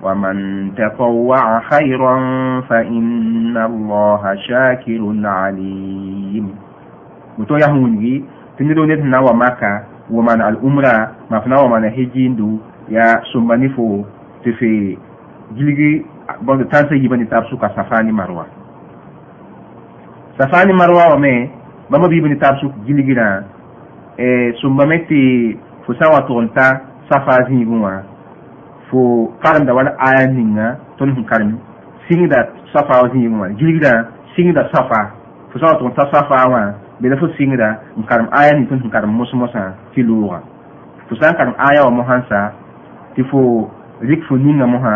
ومن تطوع خيرا فإن الله شاكر عليم muto ya hunwi tinido ne tana wa maka wa man al umra ma fana wa man hijindu ya sumbani fo tefe jiligi bon de tansa yibani tabsu ka marwa marwa me na e eh, sumbameti fusawa tonta safa zinguwa fo da wani aya na tun hun karmi da safa wa hinga wa jilgida da safa fo sa ton ta safa wa be da fo singda da karm aya nin tun hun karm musmusa ti luwa fo sa karm aya wa mohansa ti fo rik fo muha moha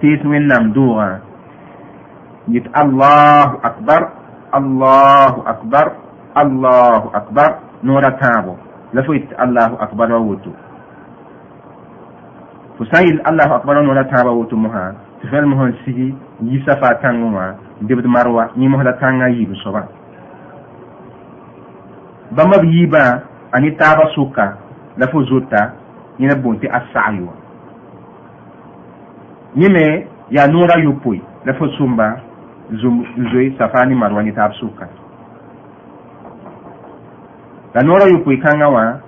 tes wen nam duwa yit allahu akbar allahu akbar allahu akbar nora tabo la fo yit allahu akbar wa wutu fo sã allahu akbar wã wala taaba wotu moha ti fel mosã sigi yi safa tãngẽ wã debd marwa ni mos la yi yiib soba ba b yiibã a ne taaba suka la fo zota yẽ la boon tɩ asagyo wã yẽ me yaa noora yopoe la fo zum zoe safa ni marwa ni taab suka la nura yu kãngã wã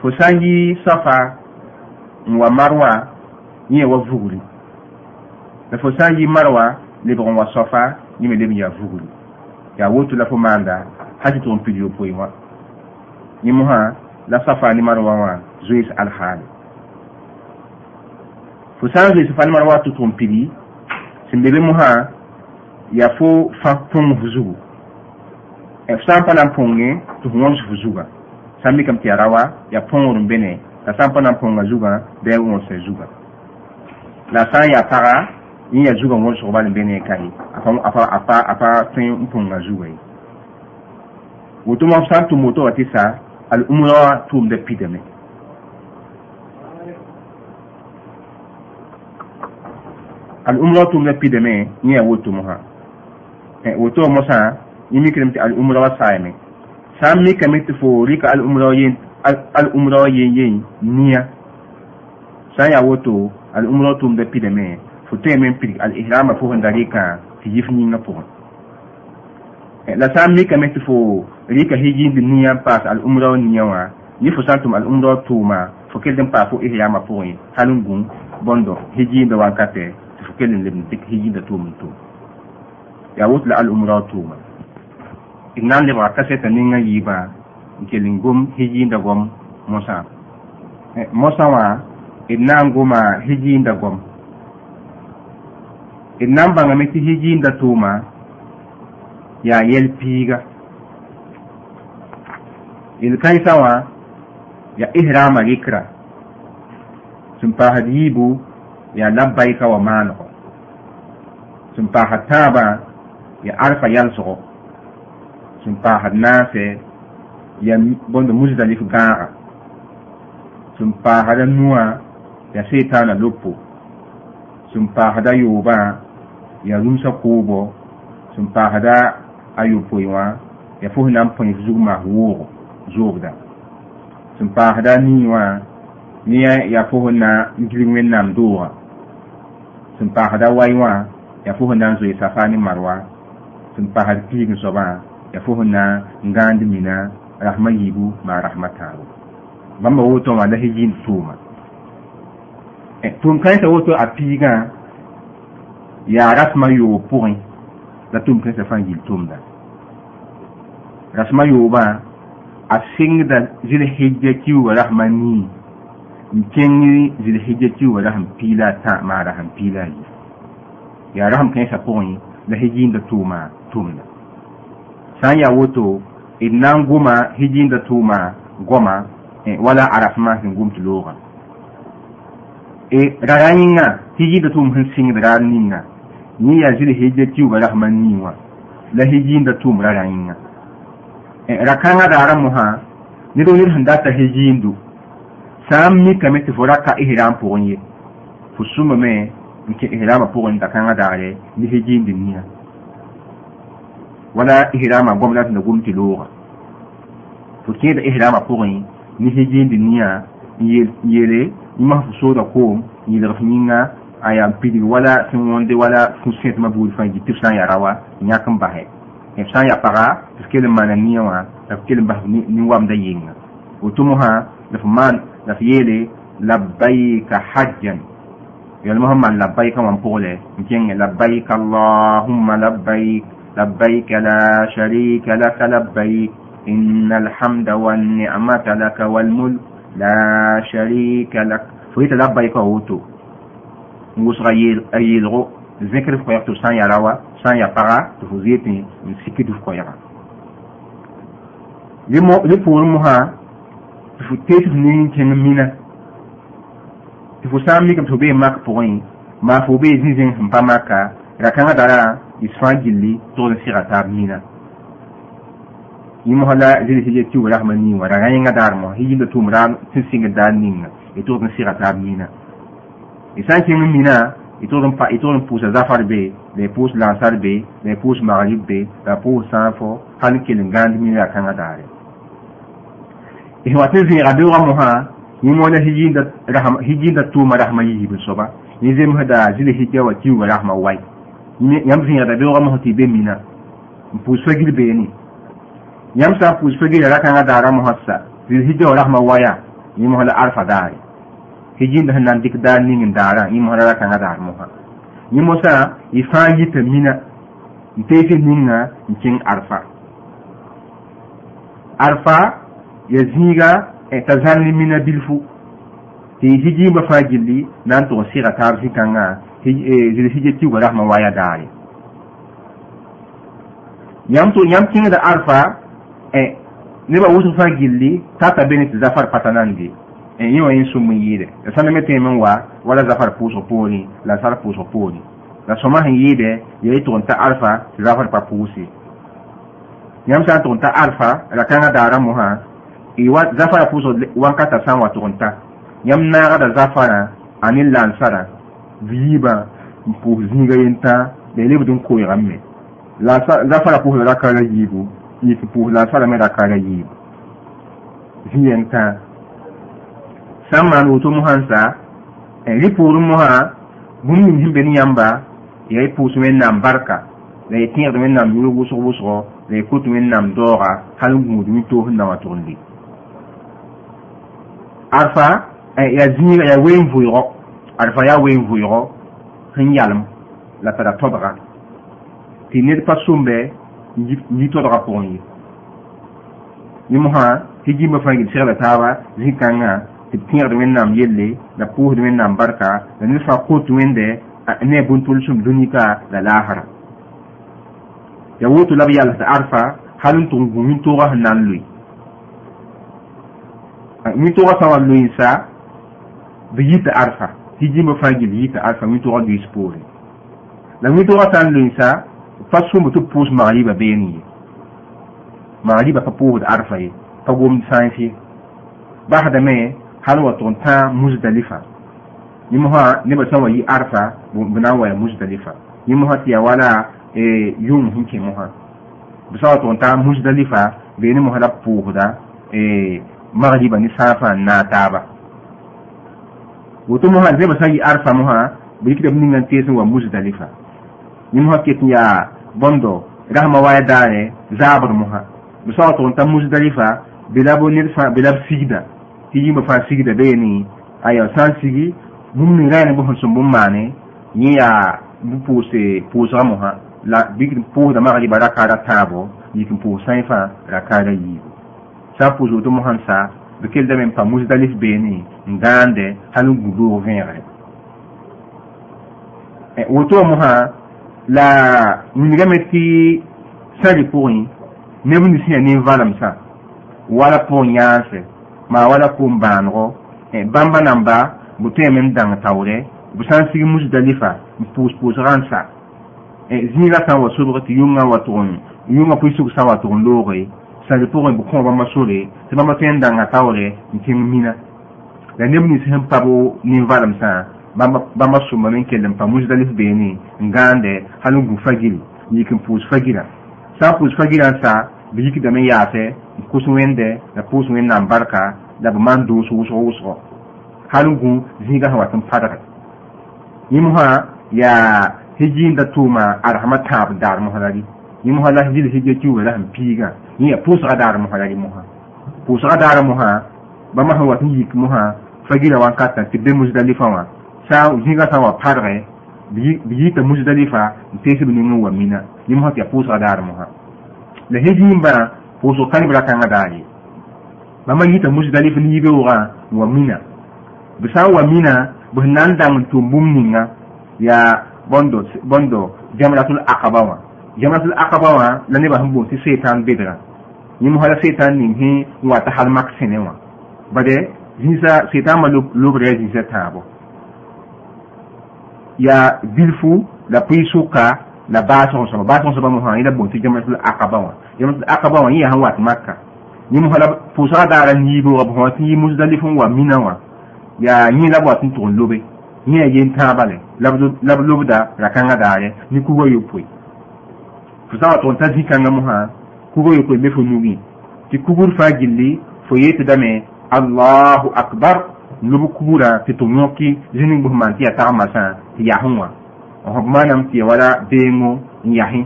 fo sangi yi safa n wa marwa yẽ wa vugri la fo sã n yi marwa lebg n wa sɔfa yẽ me leb n yaa vugri yaa woto la fo maanda ha tɩ tʋg n pid yopoe wã yẽ mosã la safa ne marwa wã zoees alhaale fo sã n zoees fa ne marwa tɩ tʋg n pidi sẽn bebe mosã yaa fo fã põng fo zugu f sã n pa la n põngẽ tɩ f wõns fo zugã sã n mikame tɩ yaa rawa yaa põngr n be ne na san pana põnga zugã bɩ a wõsã zugã la sã n yaa paga yẽ yaa zugã wõlsg bal n be ne ka ye a pa tõe n põnga zugã ye woto mam sã n tʋm woto wã tɩ sa al ũmra wã tʋʋmda pidame al umra wã tʋʋmda pidame yẽ yaa woto mosã woto wã mosã yẽ mikrame tɩ al umra wã saame sã n mikame tɩ fo rɩka al umra wã al'umra yin niya san ya woto al'umra tumda pidame fo tõe me pide pidg al-ihrama pʋgẽnda rɩka tɩ yif na pʋgẽ eh, la sã mi ka meti fo rika hiji nia niya paas al-umra nia wa ni fo sã n tʋm al-umra tʋʋma fo kell n paa fo ihrama pʋgẽ hal n gũng bõndo hijĩnda wãnkatɛ tɩ fo kell n lebn hiji hijĩnda da to min to. woto la al-umra ma. d na n lebga yi ba. gelingum hijindagom mosa eh, mosa wa id nanguma hijindagom id nan bãngame tɩ hijinda tʋʋma yaa yɛl piiga d kãensã wã yaa israama rɩkra sẽn paasd yiibu yaa labbayka wa maanegɔ sẽn paasd tãabã yaa arfa yalsgɔ sẽn paasd ya bondo musdalif gãaga sẽn hada nuwa ya na lopo sẽn hada yoobã ya rumsa koobo sẽn hada ayupo yuwa ya fuhu sẽn na n pões zug maas woogo zoogda sẽn ne ya fuhu na n gilg wẽnnaam doogã sẽn paasda ya fuhu na n safani marwa sẽn paasd piig n ya fuhu na ngandi mina rahman yibu ma rahmata bamba woto ma lahi yin tuma e tum kan ta woto a piga ya rasma yo point la tum kan ta fangil tumda rasma yo ba a singda zil hijja ki wa rahmani kengi zil hijja ki wa rahman pila ta ma rahman pila yi ya rahman kan sa point la hijin da tuma da san ya woto Idan goma hijinda tuma goma e, wala wala ma sin gumti loga e rara yinga hijinda tum hin sing rara ninga ni ya zili hijje tiu ba rahman niwa la hijinda tum rara yinga e rakanga mu ha, ni do yin handa ta hijindu sam ni kamete furaka ihram pour nyi fusuma me nke ihram da nda kanga dare ni ni niya wala ihrama gwamnati da gumti loga to ke da ihrama pʋgẽ ni hiji nia n yele ni ma fuso da ko ni da f yĩnga a yaa pidg wala sun wõnde wala sun sẽtmã ma buri gɩ tɩ san ya rawa n yãk n basɛ b san ya para paga tɩ f kell n maana nia wã ni wa kell n bas nin-wamda yɩnga da mosã la f maan la f labbayka hajjan ya muhammad maan labbayka wã n pʋgl n labbayka allahumma labbayk لبيك لا شريك لك لبيك إن الحمد والنعمة لك والملك لا شريك لك فهيت لبيك ووتو وصغير يلغو ذكر في قيرتو سان يراوى سان يقرا تفوزيتي مسكي في قيرا لفور مها تفوتيت نين تنمينا تفو سامي كم تبي ماك بوين ما فوبي زين زين هم بماكا ركانا دارا isfan gilli to da siga ta mina imo hala jili hije ti wala ma ni wara ga nga dar mo hi jindo tumra tin singa dar ninga e to da siga ta mina isan ki min mina e to pa e to pusa zafar be le pus sar be le pus maghrib be da pus sanfo hal kilin lingan mi ya kan dare e wa wate zira do ga mo ha imo na hi da rahma hi da tumra rahma yi bin soba ni zai mu da jiri hije wa ti wala rahma wai yãmb vẽega da beoogã mosã tɩ y be mina n pʋʋs fegil beene yãmb sã n pʋʋs fegila ra-kãngã daarã mosã sa zilhija wa rahma waya yẽ mosã la arfa daare hijiinda sẽn na n dɩk daar ning n daarã yẽ mosã la ra-kãngã daar mosã yẽ mosã y fãa yita mina n teesd ninga n kẽng arfa arfa ya zĩiga t'a zãnd mina bilfu tɩ hijiimbã fãa gilli na n tʋg sɩga taab zĩ-kãngã hijirti guda ma waya daare yam to da kẽeda arfa eh, nebã wʋsg fãa gilli tata bene tɩ zafar pa tanande eh, yi yẽ wã yẽ sũm n yɩɩde me tẽeme n wa wala zafar pʋʋsg poorẽ la sar pʋʋsg poorẽ la sõma sẽn yɩɩdɛ yaa y tʋg n ta arfa tɩ zafar pa pʋʋse yãmb sã n tʋg n ta arfa ra-kãngã daarã mosã y wa zafarã pʋʋsg wãnkata sã n wa tʋg n ta yãmb naagda zafarã a ne viiba n puus zĩiga yentã la y lebd n koeegame laafara puusda yiibu yik n puus laafara me rakaara yiibu zĩ yentã maan woto mosãnsa rɩ pʋʋdẽ mosã bũmb ning sẽn be ne yãmba yaa y pʋʋs wẽnnaam barka la y tẽegd wẽnnaam yʋʋr wʋsg-wʋsgɔ la y kot wẽnnaam daooga hal n gũud wĩntoog sẽn na wã n le arfa eh, yaa zĩiga yaa ween vʋɩgɔ ad fa yaa wen vʋɩgɔ sẽn yalem la tara todga tɩ ned pa sʋmbɛ yi todga pʋgẽ ye ne mosã tɩ gimba fãa gil segda taaba zĩ-kãngã tɩ b tẽegd wẽnnaam yelle la pʋʋsd wẽnnaam barka la ned fãa kot wẽnde ne a bõn tʋl-sũm dũnika la laasra ya woto la b yalsd arfa hal n tʋg gũ wĩn-toogã sẽn na n loe wĩn-toogã sã wa loensa b yit arfa ti jimbo fãa gil yita alfa wĩtogã du poore la wĩtogã sã n luiisa pa sõmb tɩ pʋʋs magriba been ye magriba pa pʋʋsd arfa ye pa gomd sãens ye basdame hal wa tʋg n tã musdalifa yĩmsã nebã sã n wa yi arfa b na n wa ya musdalifa yĩmsã tɩ ya wala yʋng sẽn kẽ mosã b sã wa tʋg n tã musdalifa beene mosã la pʋʋsda magriba ne sã n fãa n naag taaba woto mo han zeba sagi arfa mo ha bi kitab ni tesin wa muzdalifa ni mo haket nya bondo rahma waya dare zabr mo ha bi sa to ta muzdalifa bila bo nirfa bila sigda ti yima fa sigida be ni ayo san sigi mum ni rane bo hon bum mane ni ya bu pose pose la bi pose da ma baraka da tabo ni pose fa rakara yi sa pose to mo sa lequel da même pas Mousdalif Beni, Ndande, Hanougou, Vinre. Et autour moi, la Minigameti Sali Pourin, Nebun ici à Nivalam ça. Wala pour Nyanse, ma wala pour Mbanro, et Bamba Namba, Bouté même dans Taure, Boussan Sigi Mousdalifa, Mpous Pous Ransa. Et Zina Tan wa Sobre, Yunga wa Tourne, Yunga Pouissou Sawa Tourne Lore, sãn pʋgẽ bɩ kõ bãmba sore tɩ bãmba tõe n dãnga taoore n kẽng mina la nem ni sem pa bo nin sa ba sʋmame n kell n pa musdalif dalif beni ngande hal n fagil ni n pʋʋs fagila sa n fagila n sa bɩ yikdame n yaafɛ n kʋs wẽnde la pʋʋs wẽnnaam barka la bɩ maan doos wʋsg wʋsgɔ hal n gũ zĩigã sẽn wat n ni yẽ mosã yaa higiinda tʋʋma arasmã tãab daar mosã la rɩ yẽ mosã la hijin higia kiuga la sẽn piigã hiya pusga dar moha yagi moha pusga dar moha ba ma wa yik moha fagira wan katta tibbe muzdalifa wa sa zinga sa wa parre biyi ta muzdalifa tesi bi nungu wa mina ni moha ya pusga dar moha la hiji mbara pusu kalibra kanga dari ba ma yita muzdalifa ni yibe wa wa mina bisa wa mina bu nan dang tumbum ninga ya bondo bondo jamratul aqaba wa al akaba wa la ba sẽn boond tɩ setan bidra ni mo hala setan ni n wa ta hal mak wa wã bade zĩsa seetãambã lobrã ya zĩsa tãabo yaa bilfu la pʋɩ sʋka la baasg-sõba baasg-sõba mosã yẽ la boond tɩ jamatul akaba wã jamatul akaba aqaba wa yaa sẽn wat maka yĩmsã la pʋʋsga daara n yiiboogb sõ tɩ yɩ musdalif n wa mina wa yaa yẽ la ya wat n tʋg n lobe yẽ ya yen tãabã le la b da ra ni daare ne kuga fusama ton ta zikanga muha kugo yoko me fo nugi ti kubur fa gilli fo yete dame allahu akbar lubu kubura ti to nyoki jini bu man ti ata masa ti yahunwa o manam ti wala bemo yahi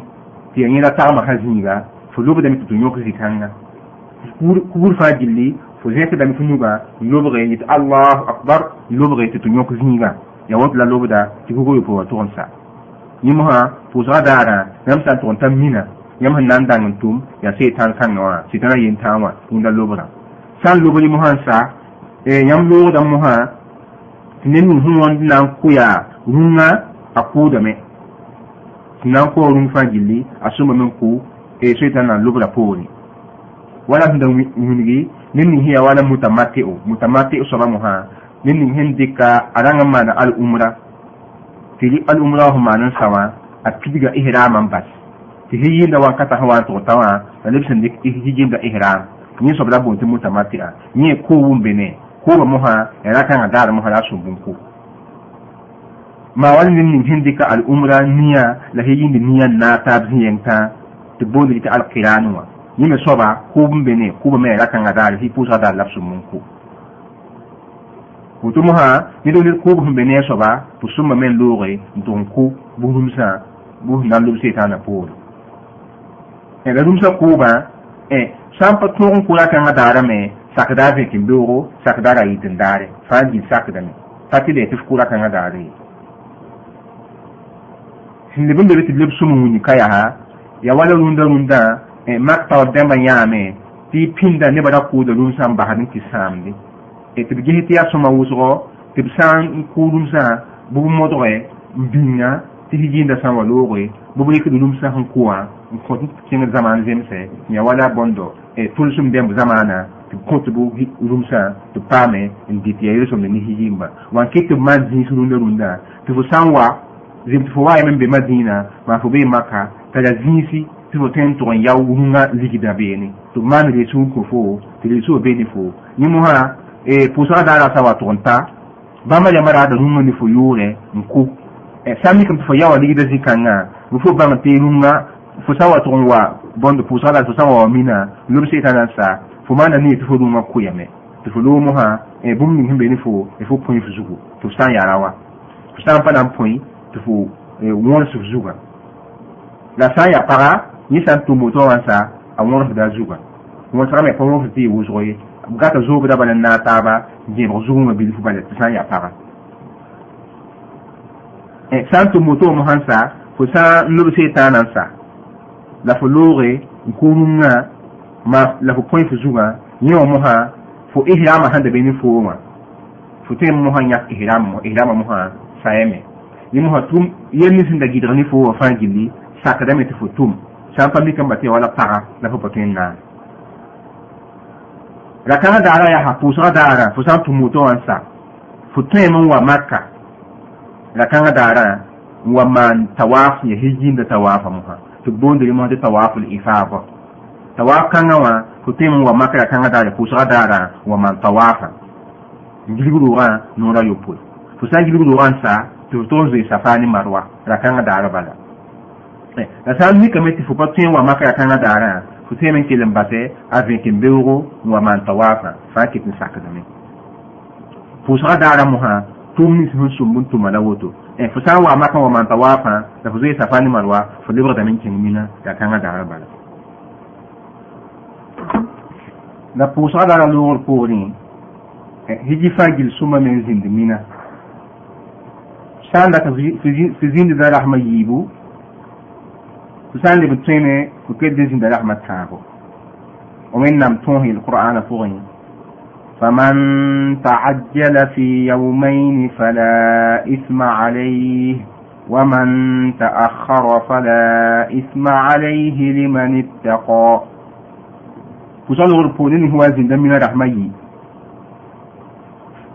ti yira ta ma hazinga fo lubu dame ti to nyoki zikanga kubur fa gilli fo yete dame fo nuga lubu ga yit allahu akbar lubu ga ti to nyoki zinga ya la lubu da ti kugo yoko wa tonsa yĩmsã pʋʋsga daara yãmb sã n tʋg n tar mina yãmb sẽn na n dãng n tʋm yaa seetãn kãngã wã setãnã yentãã wã in da sã san lobr muhan sa e, yãmb loogda mosã tɩ ne ning sẽn wõnd na n kʋ yaa rũngã a kʋʋdame tɩ na n koa rũng gilli a e, sõmbame n kʋ seetãn na n lobrã poore wala hun da wĩngi ned ning sẽn hiya wala mutamati o mutamati o ned ning sẽn ni a rãng n maana al-umra tiri al-umrah maan sawa a pidga ga n bas tɩ hiyi da wãnkatã sẽn wa n tʋg tã na la leb sẽn dɩk sẽ yɩɩnda ihram ni soab la boond tɩ mutamatiã yẽ koo wum be ne kooba muha ya ra-kãngã daar mosã la a sũm ma ko min wa ning niya al-umra nia la hiyi yĩnd niya na ta biyen ta yengtã tɩ ta al-qiranu ni me me ba ko wun bene ko ba me ya ra-kãngã daar sɩ pʋʋsga da la b sũm wutum ha ni dole ko ku bu be ne so ba bu sum men lo ge don ku bu hum bu na lu se ta na po e da dum sa ku ba e sam pa tong ku la ka na dara me sa ka kin bu ro sa ra yi din dare fa ji sa ka da ti de ti ku la ka na dare hin ni bun be ti le sum mu ni ka ya ha ya wala lu nda mu nda e mak pa o dem ba nya me ti pin da ne ba da ku da lu sam ba ha ni ti sam ni tɩ b ges tɩ yaa sõma wʋsgɔ tɩ b sã n kʋʋ na bʋ b modge n bĩnga tɩ sẽn yɩɩnda sã wa looge bʋ b rɩkd rũmsã sẽn kʋa n kõ kẽng zãmaan zemse ya wala bõndo tʋls n bẽmb zamaana tɩ b kõ tɩ b rũmsã tɩ paame n dɩ tɩ yaa yel-sõmda ne sẽn wan ket tɩ b maan zĩis rũndã rũndã tɩ fo sã n wa zem tɩ fo waa yam n be madĩinã maa fo bee maka t'a la zĩisi tɩ fo tõe n tʋg n yao rũngã ligdã beene tɩ b maan n fo tɩ reesũ wa beene fo yẽ mosã e pusa da ra sawa tonta ba ma yamara da nunga ni fo yore nko e sami kam fo yawa ligi da zikanga bu fo ba na te nunga fo sawa ton wa bondo pusa da fo sawa wa mina lum se tana sa fo mana ni fo ma ko yame fo lo mo ha e bum ni himbe ni fo e fo point fo zugo to san yara wa fo san pa nan point to fo e won su zuga la san ya para ni san to moto wa sa a won fo da zuga won sa me ko won fo ti wo zo ye b gata zo bala n na a taaba gẽebg zugumã bilfu bala tɩ sã n yaa paga sã eh, n tʋm wotoom sãn sa fo sã n lob seetãanã sa la fo looge n kʋ ma la fo põe fo zugã yẽ wã mosã fo ihrama sãn da be ne foomã fo tõe mosã yãk ihrama ihrama ha sã ya me yẽ mosã tum yel nins n da gɩdg ne fo fãa gilli sakdame tɩ fo tʋm sã n pa mikame pa tɩ wala paga la fo pa tõe rakãsã daara yaa pʋʋsgã daara fo sã n tʋm woto wã sa fo tõeem n wa maka rakãngã daara n wa maan tawaaf ya hijiinda tawaafã mosã tɩ b boondri mosã tɩ tawaafl ifaaba tawaaf kãngã wã fo tõeem n wa maka rakãngã daara ya daara n wa maan tawaafã n gilg roogã noorã yopoe fo sã n gilg roogã n sa tɩ f tog n zoe safaa ne marwa rakãngã daara bala la eh, sã n mikame tɩ fo pa tõe n wa maka rakãngã daarã fuse men kelen base a vẽkin beoogo n wa maan tawaafã fãa kɩt n sakdame pʋʋsga daara mosã tʋʋm nins sẽn sũmb n tʋma la woto eh, fo sã n wa makã wa maan tawaafã la fo zoeesa fãa nimar wa fo lebgdame n kẽng ninga yaa kãngã daara bala la pʋʋsga daara loogr poorẽ eh, hiji fãa gil sũma me n mina sã n dat fo zĩndda rahma yiibu tusande دي بتيني fu دي زين دلاح rasmã ومن wẽnnaam توهي القرآن qur'ana فمن تعجل في يومين فلا إثم عليه ومن تأخر فلا إثم عليه لمن اتقى فسال غربون هو زين من رحمي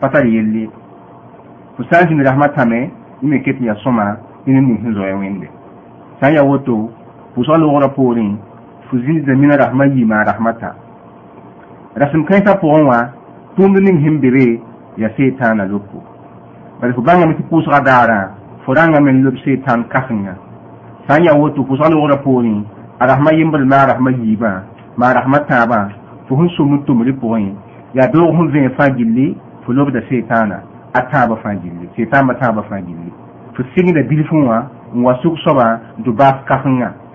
فتر يلي فسال زند رحمتها مي يمي كتن يصمع ينمي هزوي ويندي سان يا fusal wogra poorẽ fo zĩzã mina rasmã yiima a rasmata rasem-kãensã pʋgẽ wã tũmd ning sẽn bebe yaa seetãanã zoko bala fo bãngame tɩ pʋʋsga daarã fo rãngame n lob seetãan kãsengã sã n yaa woto fʋsgl wogrã poorẽ a rasmã yembr maa rasmã yiibã maa rasmã tãabã fo sẽn somd n tʋmre pʋgẽ yaa doog sẽn vẽe fãa gilli fo lobda seetãanã a tãabã fãa gilli seetãambã tãabã fãa gilli fo sɩngda bilfẽ wã n wa sug-soabã n tɩ baas kãsengã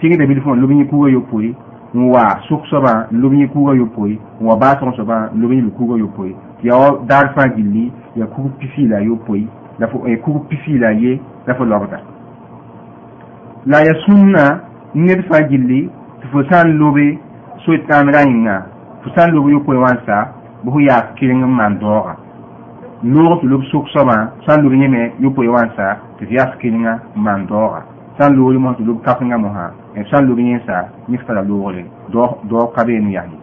sigi da bilfon lumi kuga yopoi wa suk soba lumi kuga yopoi wa baton soba lumi kuga yopoi ya wa dar fa gilli ya kugu pifi la yopoi la fo e eh, kugu pifi la ye la fo lobta la ya sunna ned fa gilli fo san lobe so tan rainga fo san lobe yopoi wansa bu ya kiringa mandora lor lob suk soba san lobe yeme yopoi wansa ti ya kiringa mandora san loori mo tulubu kafinga mo ha e san loori yen sa ni fala loori do do kabe ni yani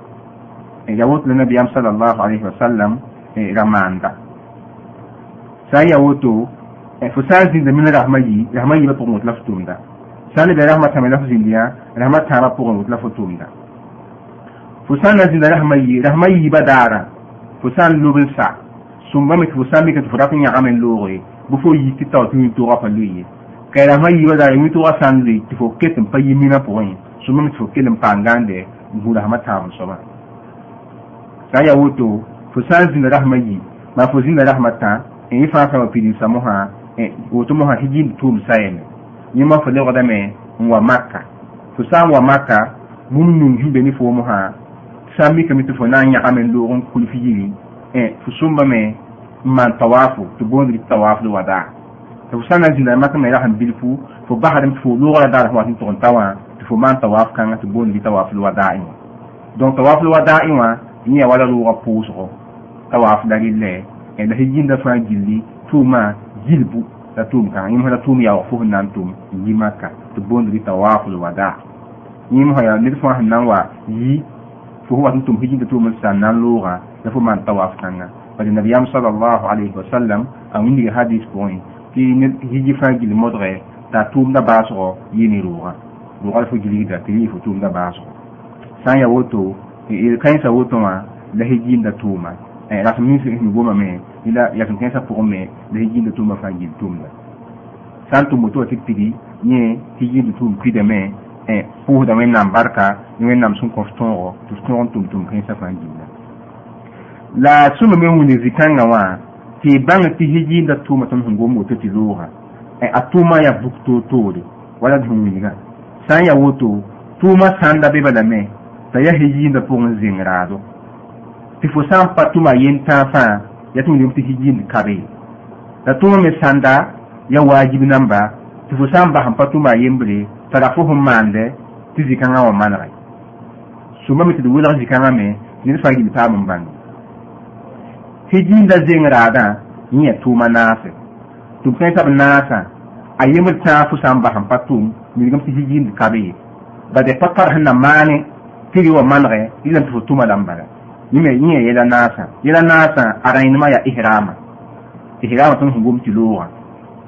e yawot le nabi am sallallahu alaihi wasallam e ramanda sa yawoto e fo sa zin de min rahma yi rahma yi ba pour mot laftum da sa le be rahma tamé lafu zindia rahma tara pour mot laftum da fo san na zin de rahma yi rahma yi ba dara fo san lobel sa sumba mi fo san mi ka fo rapinya amen loori bu fo yi ti taw tu ni to rapa luyi kairama yiba da yimi to asan ri ti fo ketin pa yimi na poin so mimi ti fo kelim pa ngande ngura hama tam soma ka ya woto fo san zin rahma yi ma fo zina rahma ta e yi fa ka pidi samoha e woto mu ha hiji tum sayen ni ma fo le goda me wa makka fo san wa makka mun nun himbe ni fo mo ha san mi kami ti fo na nya amen do ron kulfi yiri e fo sumba me man tawafu to bondri tawafu wada to sãn na zĩnda mak me rasẽn bilfu fo basd tɩ fo loogrã daara fo wa tɩ tʋg ta wã tɩ fo maan tawaf kãngã tɩ boond bɩ tawaf lwadaa'ẽ wã donc tawaf lwadaa'ẽ wã yẽ yaa wala roogã pʋʋsgo tawaf la rellɛ la sẽn yĩnda fãa gilli tʋʋmã gilbu la tʋʋm kãngã yẽ la tʋʋm yaoog fo sẽn na n tʋm n yi maka tɩ boond bɩ lwadaa yẽ mosã yaa ned fãa sẽn na n wa yi fo fo wa tɩn tʋm sẽn yĩnda tʋʋm n sã n na n loogã la fo maan tawaf kãngã bad nabiyam sal allahu alayhi wasallam a wĩndg hadis pʋgẽ tɩ ned higi fãa gil modgɛ t'a tʋʋmdã baasgɔ yɩ ne rʋʋga rʋʋga fo gilgda tɩ yɩ fo tʋʋmdã baasgɔ sã n ya woto e, e, kãensa woto wã la higiinda tʋʋma rasm nins sẽn gomame la yasm kãensã n tʋm woto wã tɩ pidi yẽ higiinda tʋʋm pidame pʋʋsda wẽnnaam barka ne wẽnnaam sẽn kõs tõogo tɩ f tõog n tʋm tʋm kãensã fãa gilla la sũmame wing zĩ ti baŋa ti hijinda tuma tõnd sẽn gom woto tɩ loogã a tʋʋmã ya buk toor-toore wala d sẽn wilga sã n yaa woto tʋʋmã sãnda be balame t'a yaa hijiinda pʋgẽ zeng raado tɩ fo san n pa tʋma yen-tãag ya yaa ni wilgm tɩ hijiind kabe la tʋʋmã me sãnda yaa waajib namba tɩ fo sã n basẽn pa tʋma a yembre t'a ra fo sẽn maande tɩ zĩ-kãngã wã manege sũmame tɩ d welg zĩ-kãngã me ned fãa gil paam n bãnge hijinda zengrada yẽ tʋʋma naase tɩ b sẽn tɩ b naasã a yembr tãafo sã n basẽn pa tʋʋm nirgem tɩ kabe ye da pa par sẽn na maane tɩg wa manegɛ yɩlame tɩ fo tʋma la bala yẽ yɛla naasã yɛla naasã a rãynemã yaa ihrama ihrama tõnd sẽn gom tɩ loogã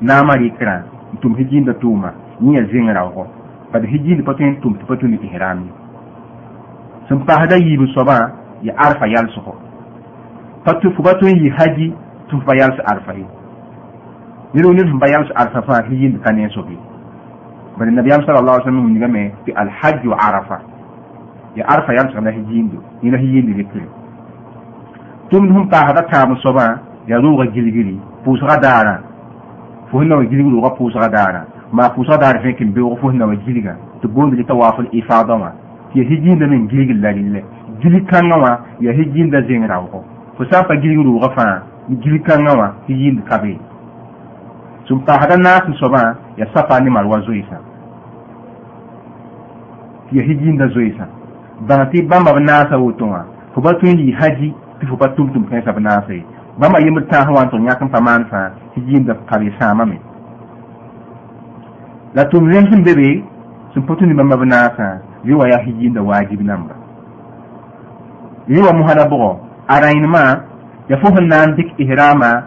naamã rɩkrã n tʋm hijiimda tʋʋma yẽ yaa zeng bad hijiimd pa tõe n tʋm tɩ pa tũnd ihram ye sẽn paasda yiib soabã ya arfa yalsgo tun yi haji tun fayal su arfahi yiro ni tun fayal su arfafa hiyin ka ne so bi bari nabi am sallallahu alaihi wasallam ni fi al hajj arafa ya arfa yam sa nahi jindu ni nahi yindi ni kire tum hum ta hada ta mu soba ya ru ga gilgili pusra dara fu hinna gilgili ga pusra dara ma pusa daara fe kin be ko fu hinna gilga to bondi ta waful ifadama ya hijinda min gilgil la lille gili wa ya da zingra ko fo sã n pa gilg roogã fãa kan kãngã wa tɩ yiild kabe sun sẽn paasda naasẽ soabã yaa sapa ne malwa zoeesã tɩ yaa higiinda zoeesã bãng tɩ bãmba b naasa woto wã fo pa tun yi haji tɩ fo pa tʋm-tʋm kãensa b naasa ye bãmba yembd tãag hawa wa n tʋg yãk n pa da kabe higiinda kabe la tʋm rẽm sẽn be be sẽn pa tũ ne bãmba b naasã rẽ wa yaa higiinda nan ba. yi wa mosã la arainema ya fo sẽn na n dɩk ihrama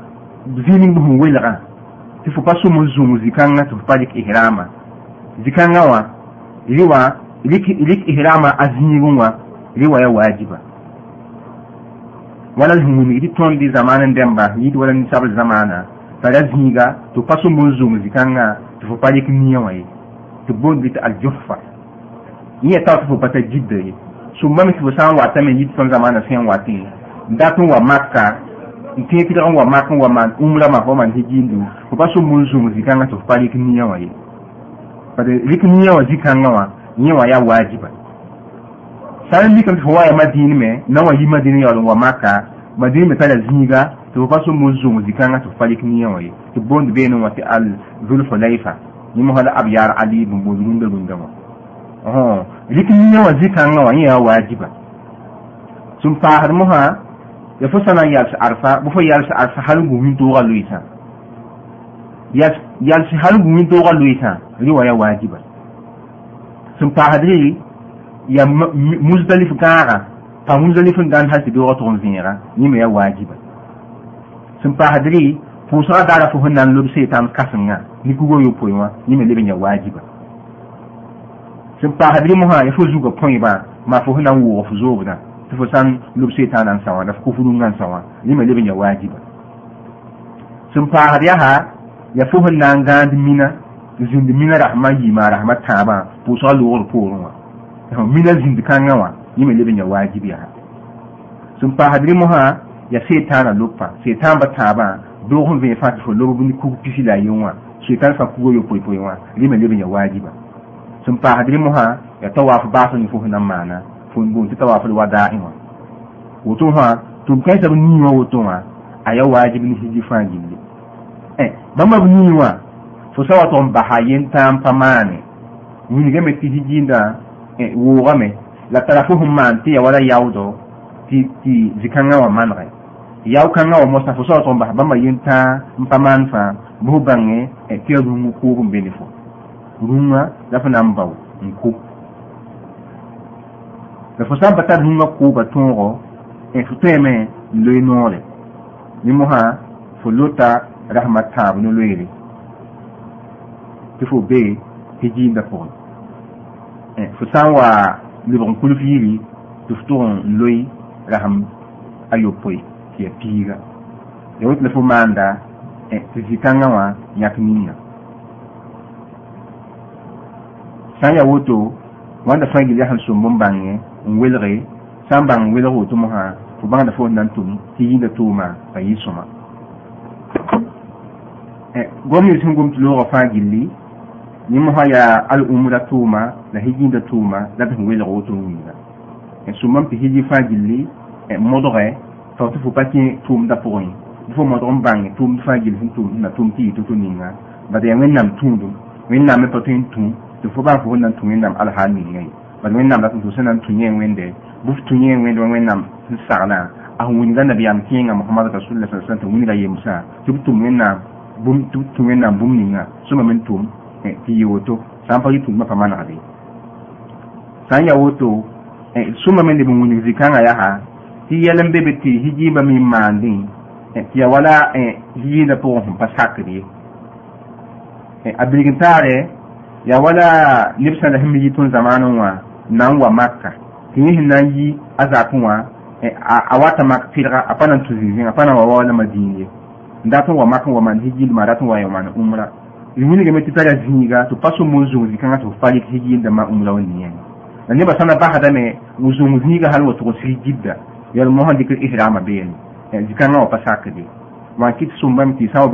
zĩ ning sẽn welgã tɩ fo pa sõm n zũng zĩ tɩ fo pa dɩk ihrama zĩ-kãngã wã rɩ wã rɩk ihrama a zĩigẽ wã rɩ wã ya waajiba wala sẽn wilg tɩ tõnd dɩ zãmaan n dẽmba yɩɩd wala ninsabl zãmaana t'a ra zĩiga tɩ pa sõm n zũng zĩ-kãngã tɩ fo pa dɩk nia wã ye tɩ boond bɩ tɩ aljufa yẽ ya tag tɩ fo pa ta gidda ye sũmbame tɩ fo sã n watame yɩɩd tõnd zãmaana sẽn watẽ datun wa maka ntin kida wa maka wa man umra ma ko man hijindu ko basu mun zum zikanga to pali kiniya wa yi pade rikiniya wa zikanga wa ni wa ya wajiba sai mi kan wa ya madini me na wa yi madini ya wa makka madini me tala ziniga to basu mun zum zikanga to pali kiniya wa yi to bond be no wa ti al zul hulaifa ni mo hala abyar ali bin bozun da runda wa oh rikiniya wa zikanga wa ya wajiba sun fahar muha ya fo sã yalsi arsa bɩ yalsi arsa hal gumin yĩn-toogã yalsi hal gumin yĩn-toogã loeesã rɩ wa ya waajiba sẽn paasd ya muzdalif gara fa muzdalif gan gãnd hal tɩ beoogã tʋg n vẽega yẽ me ya waajiba sẽn paasd rɩ pʋʋsgã daara fo sẽn na n lobs yeetãmb kãsengã nikugã yopoe wã yẽ me leb n ya waajiba sẽn paasd rɩ ha ya fo zugã põebã maa fo sẽn na n wʋʋg fo tufutsan ta nan sawa da kufudun nan sawa lima libin ya wajiba sun fahar yaha ya fuhun nan gand mina zindi mina rahma yima rahma taba po so lor porun wa mina zindi kanga wa lima libin ya wajibi ha sun fahar limo ha ya setana lupa setan ba ba dogon ve fa ta lobo ni ku pisi la yunwa setan fa ku yo poi poi wa lima libin ya wajiba sun fahar ha ya tawaf ba sun fuhun nan ma'ana. fungo ti tawafu wa da'ima woto ha to kai sabu niwa wa woto ha aya wajibi ni hiji fangi ni eh bamba ni wa fo sawa to bahayen tam pamane ni ni me ti hiji nda eh wo game la tarafuhum man ti wala yaudo ti ti zikanga wa manre yaw kanga wa mosa fo sawa to bah bamba yenta mpaman fa bu bange e ti ru mu ko bu benefo runga dafa nam baw ko la fo sã n pa tar nũngã kʋʋba tõogo n fo toɛɛme n loe noore ne mosã fo lota rahama tãab no loeere tɩ fo be tɩ giinda pʋgẽ fo sã wa lebg n kulf yiri tɩ fo tʋg n loe raham ayopoe tɩ ya piiga ya wot la fo maanda tɩ zĩ-kãngã wã yãk ninga sã ya woto wanda fangi ya yaa sẽn sʋmb n welge sã n bãng n welg woto mosã fo bãngda e e fo n na tʋm tɩ yĩnga tʋʋma pa yɩ sõma gom sẽn gom tɩ loogã fãa gilli ne mosã yaa al-umra tʋʋma la higiinda tʋʋma la d sẽn welg woto n wĩnga sũmam tɩ hiji fãa gilli modge tɩ f tɩ fo pa kẽ da pʋgẽ d fo modg n bãng tʋʋmd fãa e gilli sẽn tʋʋm na tʋʋm tɩ yɩ to-to ninga bad yaa wẽnnaam tũudum wẽnnaam me pa tõe n tũ tɩ fo bãng fo tũ wẽnnaam alhaal bad wẽnnaam ratɩ tɩ sẽn na n tũ yẽ wẽnde bf tũ yẽ wẽnd wa wẽnnaam sẽn saglã a wĩnga nabiyaam kẽngã mohamad rasulila sa tɩ wĩnga yemsã tɩ b tʋm wẽnnaam tɩ b tũ wẽnnaam bũmb ninga sõma me n tʋm tɩ yɩ woto sã n pa yɩ tũmdmã pa manegde sã n ya woto sõma me leb n wing zĩ yaa tɩ yɛl n be be tɩ me n tɩ ya wala yɩɩdã pʋgẽ sẽn pa sakd ye a bilg n taare ya wala neb sãn la sẽn me yɩ zamaanẽ wã nan wa maka tɩ na yi eh, a zakẽ a wata mak pɩdga a pa na a pa na n wa wao wa mak wa maan higilma a dat n wa ya maan ũmra wilgame tɩ tara zĩiga tɩ pa sũm n zũng zĩ-kãngã tɩ f pa rɩk higildãmã ũmra wa niyãng la nebã sãn na basdame n zũng zĩiga hal wa gidda yɛl mosã dɩk israama beene zĩ-kãngã wa pa sakde wan kɩt sũmbame tɩ sã n wa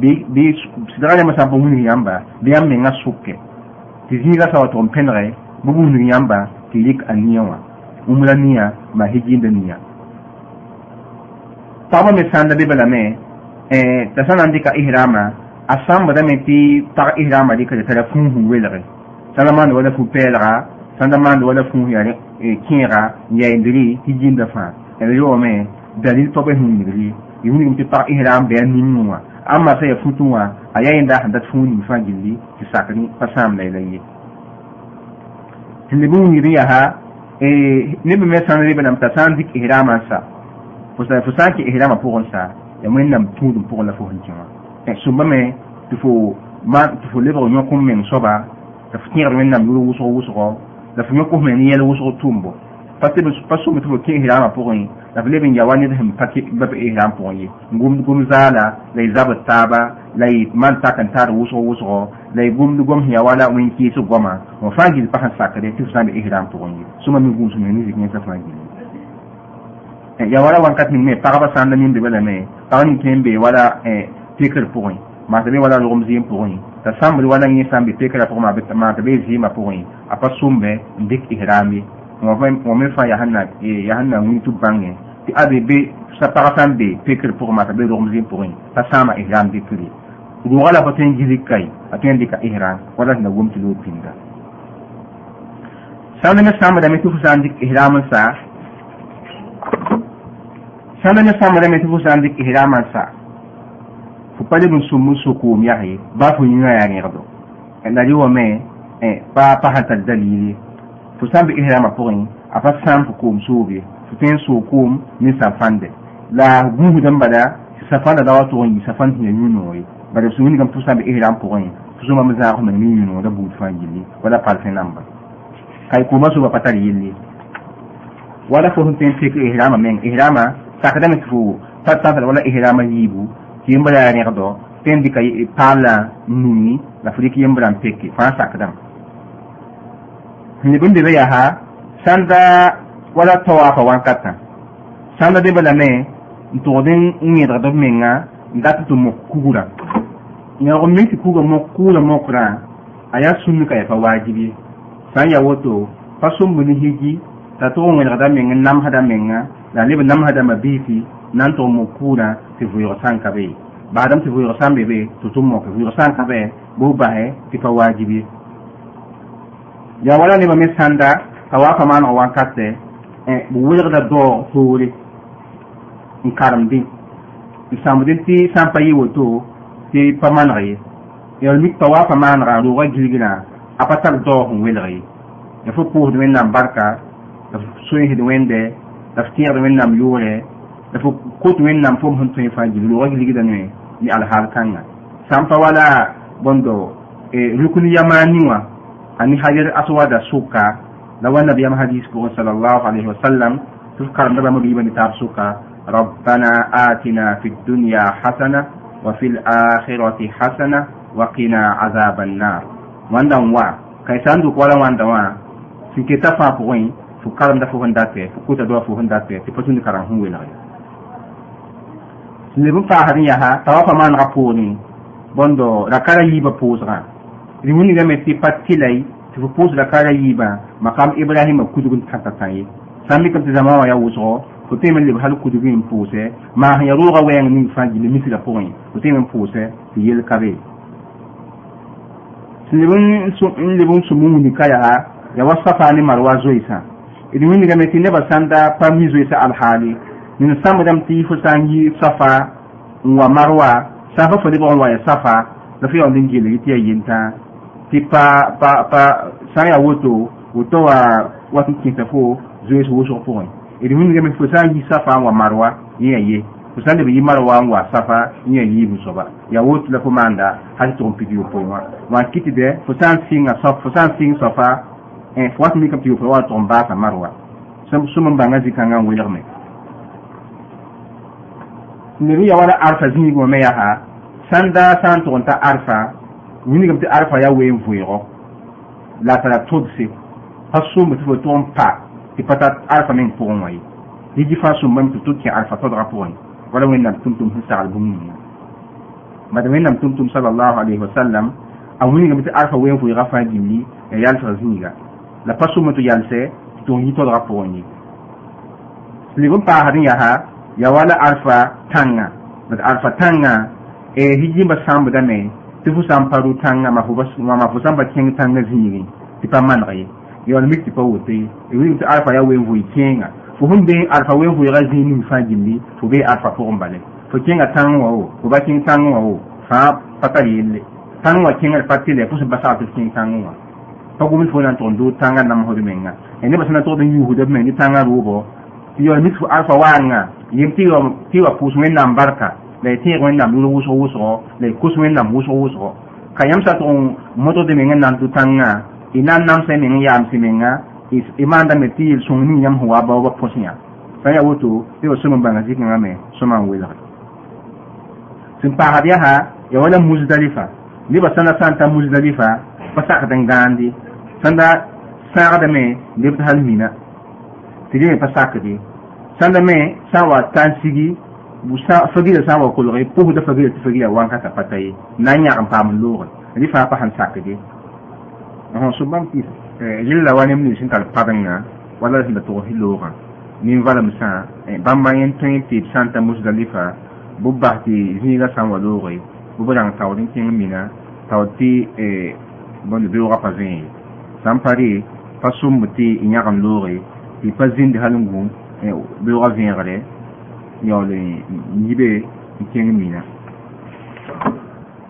be n pa wing yãmba bɩ yãmb menga bugu zuri yamba ti yik aniya wa umra niya ma hijinda niya tawa me sanda de bala me eh ta sanan dika ihrama asam bada me ti ta ihrama dika ta la fun hu welare salaman wala fu pelra sanda man wala fu yare e, kinra ya indiri hijinda fa ele yo me dalil to be hun indiri yuni e, ti ta ihram be ni amma sai futuwa ayayin da hadat fu ni fa gilli ki sakani fasam lailai ha riyaha eh, ne bi mesan riba nam san dik ihraman sa fusa fusa ki ihrama pugon sa ya mun nam tudum pugon la fuhon kima e eh, sumba me tifo ma tifo leba nyo kum men soba ta fitiyar men nam yuru wuso wuso la fu nyo kum men yele wuso tumbo pati bi pasu mi tifo ki ihrama pugon la lebe ya wani da him pati ba ihram pugon yi ngum gum zala la izaba taba lay man takan tar wuso wuso lay gum gum gom hiya wala min ki su goma mo fangi pa han sakade tu san be ihram to ngi suma min gum suma ni zikin sa fangi e eh, ya wala wan kat min me pa ba san da min de bala me pa ni be wala e eh, tikir point ma tabe wala lugum zim point ta sambri wala ni sambi tikira pour ma be ma tabe zima point apa sumbe ndik ihrami mo me fa ya hanna eh, ya hanna ngi tu bangi ti abi be sa pa san be tikir pour ma tabe lugum zim point ta sama ihram de kuri wala faten gizi kai aken dika ihram wala na gumti lo pinda sanda ne sama da mai tufu san dik ihram sa sanda ne sama da mai tufu san dik ihram sa fu pale mun sumu su ko mi ahi ba fu nyuwa ya ne rado enda liwo me eh pa pa hata dalili fu san bi ihram a apa san fu ko msubi fu ten so ko ni sa fande la gumu dan bada sa fanda da wato yi sa fanda ne yuno yi bada suuni kam tʋʋsã be ihram pʋgẽ tɩ su me zãag meng ne yũno da buud fãa gilli wala palsẽ namba kay kʋʋma soba pa tar yelle wala fo sẽn tõe n pek ihrama meng ihrama sakdame tɩ ta ta ta wala ihrama ta tɩ yembã yaa rẽgdɔ tõe n dɩka paala nuni la ta dɩk yembrã n peke fãa sakdame leb n be ba yaa dat to mokura ina ko meti kuga mokura mokra aya sunni ka fa wajibi san ya woto fasum buni hiji ta to ngel da men nam hada menga la lebe nam hada mabiti nan to mokura ti vuyo san ka be badam ti vuyo san be be to to mok vuyo san ka be bo bae ti fa wajibi ya wala ne ba me sanda kawa fa man o wan katte e bu wulga da do hoore in karam din samudin ti san yi woto ti pa manre yol mi tawa pa manra ru ga jilgina apa tak do hun welre ya fo pour wen nam barka ya fo soyin de wende ya fo tiyar wen nam yore ya fo kot wen nam fo hun tin fa jilu ga jilgina ne ni al hal kanga san pa wala bondo e rukuni wa ani hajar aswada suka la wannan biya hadis ko sallallahu alaihi wasallam tu da ba mabiba ni tar suka ربنا آتنا في الدنيا حسنة وفي الآخرة حسنة وقنا عذاب النار وندم وا كي ساندوك ولا وندم وا سنكي تفا فوين فكرم دا فوهن داتي فكوتا دوا فوهن داتي تفتون كرام هون لغي سنبن فاهرين يها توافا ما نغفوني بندو ركارا يبا بوزغا ريوني غمتي باتيلي تفو بوز ركارا ييبا مقام إبراهيم كدوغن تحتتاني سامي كنت زمان ويا وزغو fo tõe me leb hal kudgẽ n pʋʋsɛ maa sẽn ya roogã wɛɛngẽ ning fãa gilli misrã pʋgẽ fo tõe me n pʋʋsɛ tɩ yel ka be sẽn leb n sũm n wing ka yaa ya wa safa ne marwa zoeesã d min tɩ nebã sãn da pa mi zoeesã alhaali nin sãmbdame tɩ fo sã n yi safa n wa marwa sã fa fo lebg n wa ya safa la fo yaoond n gelg tɩ ya yentã tɩ pa pa pa sã n yaa woto woto wa wa n kẽta fo zoees wʋsg pʋgẽ irimin ga mai kusa yi safa wa marwa iya ye kusa da bi marwa wa safa iya yi muso ba ya wotu la kuma anda hasi to pidi yo poima wa kiti de fusan singa safa fusan sing safa eh fuat mi kapti yo poima to ba ka marwa sam suma banga zikanga wele me niru ya wala arfa zini go me ya ha sanda san to ta arfa wini kapti arfa ya we mvuiro la tara todse pasum tu to pa. ti pata alfa meŋ pʋgẽ wã ye rɩgɩ fãa sũmba me tɩ tʋd kẽ alfa todgã pʋgẽ wala wẽnnaam tʋm-tʋm sẽn sagl bũmb ninga bad wẽnnaam tʋm-tʋm salallahu alayhi wasallam a wingame tɩ alfa wẽn vɩɩgã fãa gilli ya yalsg zĩiga la pa sũmba tɩ yalsɛ tɩ tʋg yĩ todgã pʋgẽ ye sɩlg n paasd n yaa ya wala alfa tãngã bad alfa tãngã sɩd yĩmba sãmbdame tɩ fo sã n pa ru tãngã ma fo sã n pa kẽng tãngã zĩigẽ tɩ pa maneg ye yon mikti pa wote wi ti alfa ya wen wi kenga fo hum be alfa wen wi razi ni fa jimbi fo be alfa fo on bale fo kenga tan wa o fo ba kin tan wa o fa pata yelle tan wa kenga pa ti le fo basa to kin tan wa pa gumi fo nan ton do tanga nam ho menga e ne basana to den yuhu de men ni tanga rubo wani miki fo alfa wa nga yimti yo ti wa pus men nam barka le ti wen nam lu wuso wuso le kus men nam wuso wuso kayam sa to moto de men nan tu tanga inan nam sai min yam simenga ah. is imanda metil sungni yam huwa ba wa posinya faya wuto yo sumun banga zikin ame suman wila sin pa hadiya ha ya wala muzdalifa ni ba sana santa muzdalifa pasaka dan gandi sanda saga da me lebt hal mina tidi me pasaka di sanda me sawa tansigi busa fagila sawa kulri puhu da fagila fagila wanka ta patayi nan ya kan pamulur ni fa pa han sakade non souvent ki eh, yilla wa nem ni sin tal pabenga wala sin to hiloga nin valam sa eh, ban yen tin ti santa musdalifa bubba ti zinga san walore bubba dan tawdin tin mina tawti e bon de ora pazin san pari pasum ti inyagam lore ti pazin de halungu e eh, be ora gare nyole nibe tin mina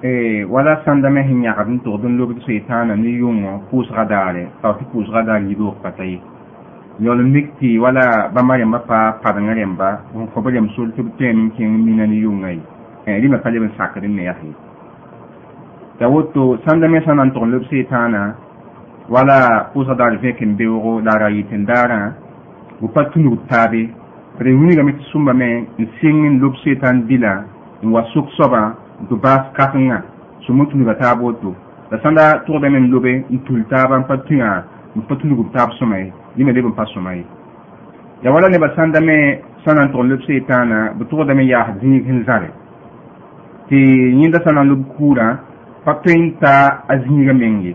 Eh, wala sanda me sẽn yãgd n tʋgd n lobd soetãana ni yʋngõ pus daare ta fi pus daar yɩdoog pata ye yol mikti wala wala mari ma pa padengã rẽmba n fo b rem sol tɩ b tõem ni kẽng mina eh, ne yʋngã ye rɩmã pa leb n sakd n ne yaa t'a wotto sanda me sanan na lobi tʋg n lob wala pʋʋsga daar vẽk n beoogo daara yɩt n daarã b pa tũnug taabe d wingame tɩ sũmba me n sɩng n lob soetãan dila n wa suk soba tɩ baas kakengã sʋm n tũnuga taab woto la sãnda tʋgda me n lobe n tul taabã n pa tũyã n pa tũnugb taab sõma ye yẽ me leb n pa sõma ye ya wala nebã sãnda me sã eh, na n tʋg n leb seetãana b ya yaasd zĩig sẽn zãre tɩ yẽnda sã na n lob kuurã pa tõe n ta a zĩigã meng ye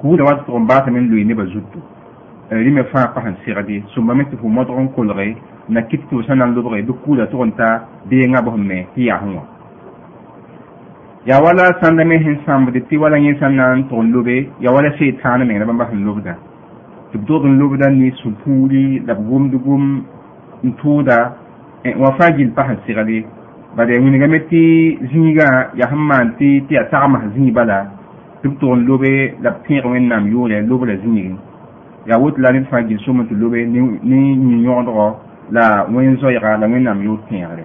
kuudã wa tɩ tʋg n baasame n loe nebã zutu rĩme fãa pa sẽn segd ye sũmbame tɩ fu modg n kolge na kɩt tɩ b sã na n lobge bɩ kuudã tʋg n ta beengã bf me tɩ yaa wã ya wala sãnda me sẽn sãmbd ti wala yẽ sã n na n lobe ya wala seetãan na rãmbã sẽn lobda tɩ b tog lobda ne sũ-pũuri la da gomd gom n tʋʋda wã pa sẽn segde bare wingame tɩ zĩigã yaa sẽn maan tɩ tɩ yaa tagmas zĩig bala tɩ b tog n lobe la b nam wẽnnaam yʋʋrɛ lobra zĩigẽ ya woto la ni fãa gill soma tɩ lobe ni yĩ-yõgdgɔ la wẽn-zoɛɛga la wẽnnaam yʋʋr tẽegre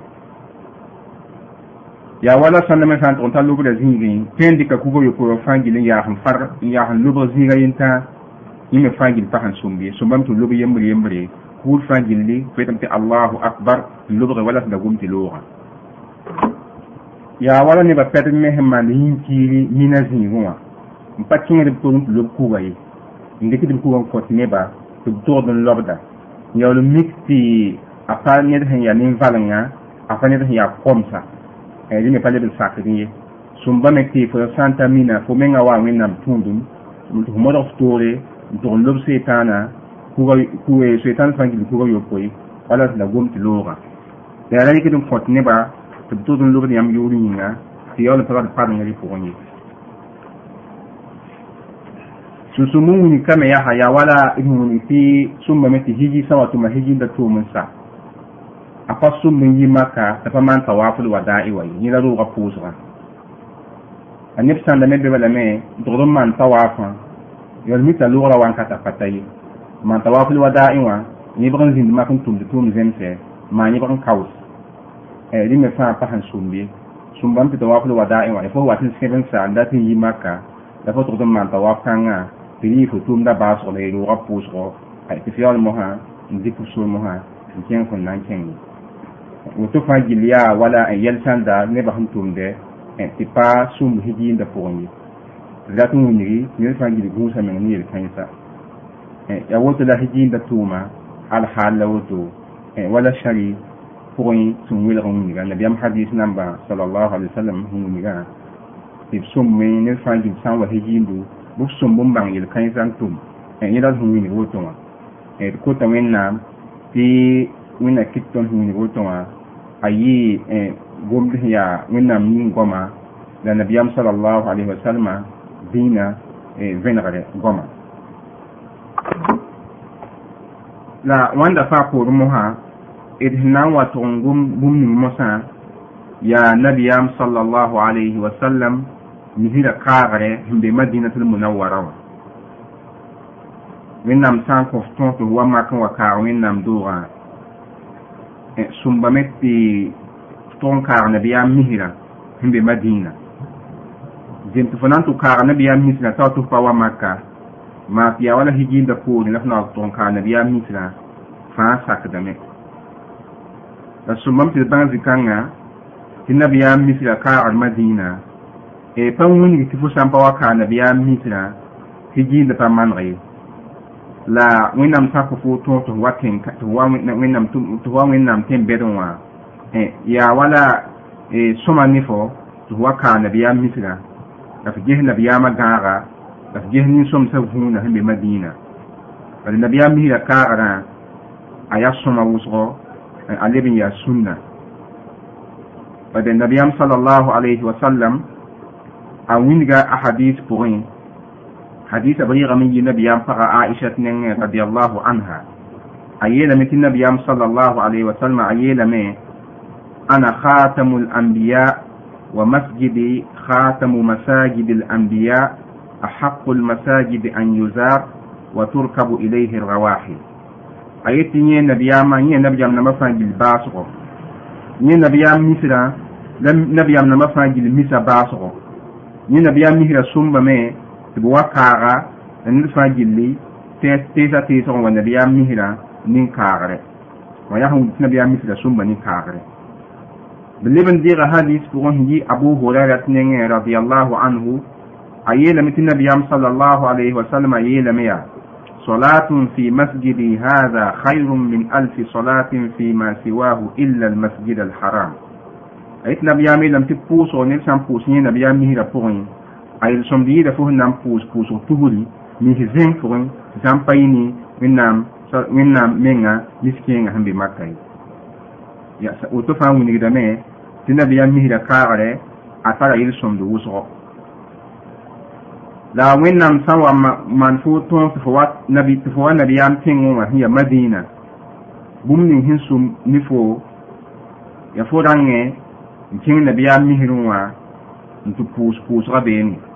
ya wala san me san n talu bude zingi lobra zĩigẽ tõe n dɩka fangi ni ya han far ya han farg zinga yinta ni me fangi gil pa sumbi sʋmd ye sũmbame tɩ yembe yembre yembre kuud fãa gilli allahu akbar n wala da gumti tɩ ya yaa ni ba pɛd me sẽn ni yĩn ni na zingi wa n pa kẽngd b tog n tɩ lob kuga ye n dɩkd b kugã n kõt neba ba da togd n lobda n lu mik tɩ a pa ned ya ni nin-valenga a pa ned ya komsa eh, je ne parler de sakriye sũmba me tɩ fo sã mina fo menga waa wẽnnaam tũudum m tɩ fo modg toore n tʋg n lob seetãana soetãan fãa gil kuga yopoe wala tɩ la gom tɩ loogã la ra yikd n kõt nebã tɩ b tʋʋd n lobd yãmb yoor yĩnga tɩ yaool n pagd padengã rɩ kame yaa ya wala d wing tɩ sũmba me tɩ higi sã wa tʋma higi n da sa a pa sum min yi maka da pa man tawaful wada'i wa yi la ruga pusra a neb sãn dame be bala me dogd n maan tawafã yol mi t'a logra wa n ka t'a pa taye maan tawaful wada'i wã yẽbg n zĩnd mak n tʋmd tʋʋm zemsɛ maa yẽbg n kaos rẽ me fãa pa sẽn sũmb ye sũmba n tɩ tawaful wada'i wã fo wa n sẽb n saan dat n yi maka la fo tʋgd n maan tawaf kãngã tɩ rẽ fo tʋʋmda baasgla ye roogã pʋʋsgɔ tɩ fiaol mosã n dɩk f sor mosã n kẽng fõn na n woto fãa gill yaa wala n yɛl sãn daar nebã sẽn tʋmdɛ tɩ pa sũmb hidiinda pʋgẽ ye rat n wingi ned fãa gil gũusa meng ne yel-kãensa ya woto la hidiinda tʋʋma alhaal la woto wala shari pʋgẽ sẽn welg n winga nabiyam hadis namba salallahu alai wasalam sẽn winga tɩ b sũmb me ned fãa gil sã n wa hidiindu b b sũmb n bãng yel-kãensã n tʋm yẽ ra sẽn wing woto wã d kota wẽnnaam tɩ wẽnna kɩk tõnd sẽn wilg woto wã a yɩ eh, gomd sẽn yaa wẽnnaam ning goama la nabiyam salallahu alaihi wasalma dĩinã vẽnegre goama la wãnda fãa poor mosã d sẽn na n wa tog n bũmb ning mosã yaa nabiyam salallahu alaihi wasallam misira kaagre sẽn be madinatul munawara wã wẽnnaam sã n kõs tõs tɩ f wa mak n wa kaag wẽnnaam doogã e sumbametti toon kaarnabiyaam mihira himɓe madina jentu fo nan tu kaarnabiyaam misra tawa tu pa wa makka maa piya wala hijiinda poore la fo naa toon kaarnabiyaam misra fãa sakdame la sumbam tɩ d bãng zĩ-kãngã tɩ nabiyaam misra kaagr madina e pa wing tɩ fo sã n pa wa kaarnabiyaam misra hijiinda pa maneg ye la wẽnnaam sã kʋ fo tõog tɩ f wa wa wẽnnaam tẽn bed n wã eh, yaa wala eh, sõma ne fo tɩ f wa kaa nabiyaam misra la f ges nabiyaamã gãaga la f ges nin-sõmsã vũuna sẽn be madiinã bala nabiyaam misra kaagrã eh, a yaa sõma wʋsgo a leb n yaa sunna bala nabiyaam sal allahu alayhi sallam a wĩndga a hadiis pʋgẽ حديث بريغة من النبي فقع عائشة رضي الله عنها أيلا من النبي صلى الله عليه وسلم أيلا من أنا خاتم الأنبياء ومسجدي خاتم مساجد الأنبياء أحق المساجد أن يزار وتركب إليه الرواحي أيت ني نبي ما ني النبي ام نما فان جيل باسو ني نبي ام ميسرا نبي ام نما فان جيل ميسا باسو ني النبي ام ميرا سومبا مي tɩ b wa kaaga e ned fãa gilli wa nabiyaam mihira nin-kaagre wa yaa sẽn wing tɩ nabiyaam misrã nin-kaagre b leb n deega hadis pʋgẽ sẽn yi abu huraira tɩ nengẽ e radiallahu anhu a yeelame tɩ nabiyaam salallahu alayhi wasallam a yeelame yaa fi في مسجدي هذا خير من ألف صلاة فيما سواه إلا المسجد الحرام أيت نبيامي لم تبوسو نفسان بوسين mihira هي ay sõmd yɩɩda fo sẽn na n pʋʋs pʋʋsg tubri mis zẽmsgẽ tɩ sã n pa yɩ ne wẽnnaam menga miskẽengã sẽn be maka ye woto fãa wilgdame tɩ nabiyaam misda kaagre a tara yel sõmd wʋsgɔ la wẽnnaam sã n wa maan fo tõog tɩ fo wa nabiyaam tẽngẽ wã sẽn yaa madĩinã bũmb ning sẽn sʋm fo ya fo rãngẽ n kẽng nabiyaam misdẽ wã n tɩ pʋʋs pʋʋsga beene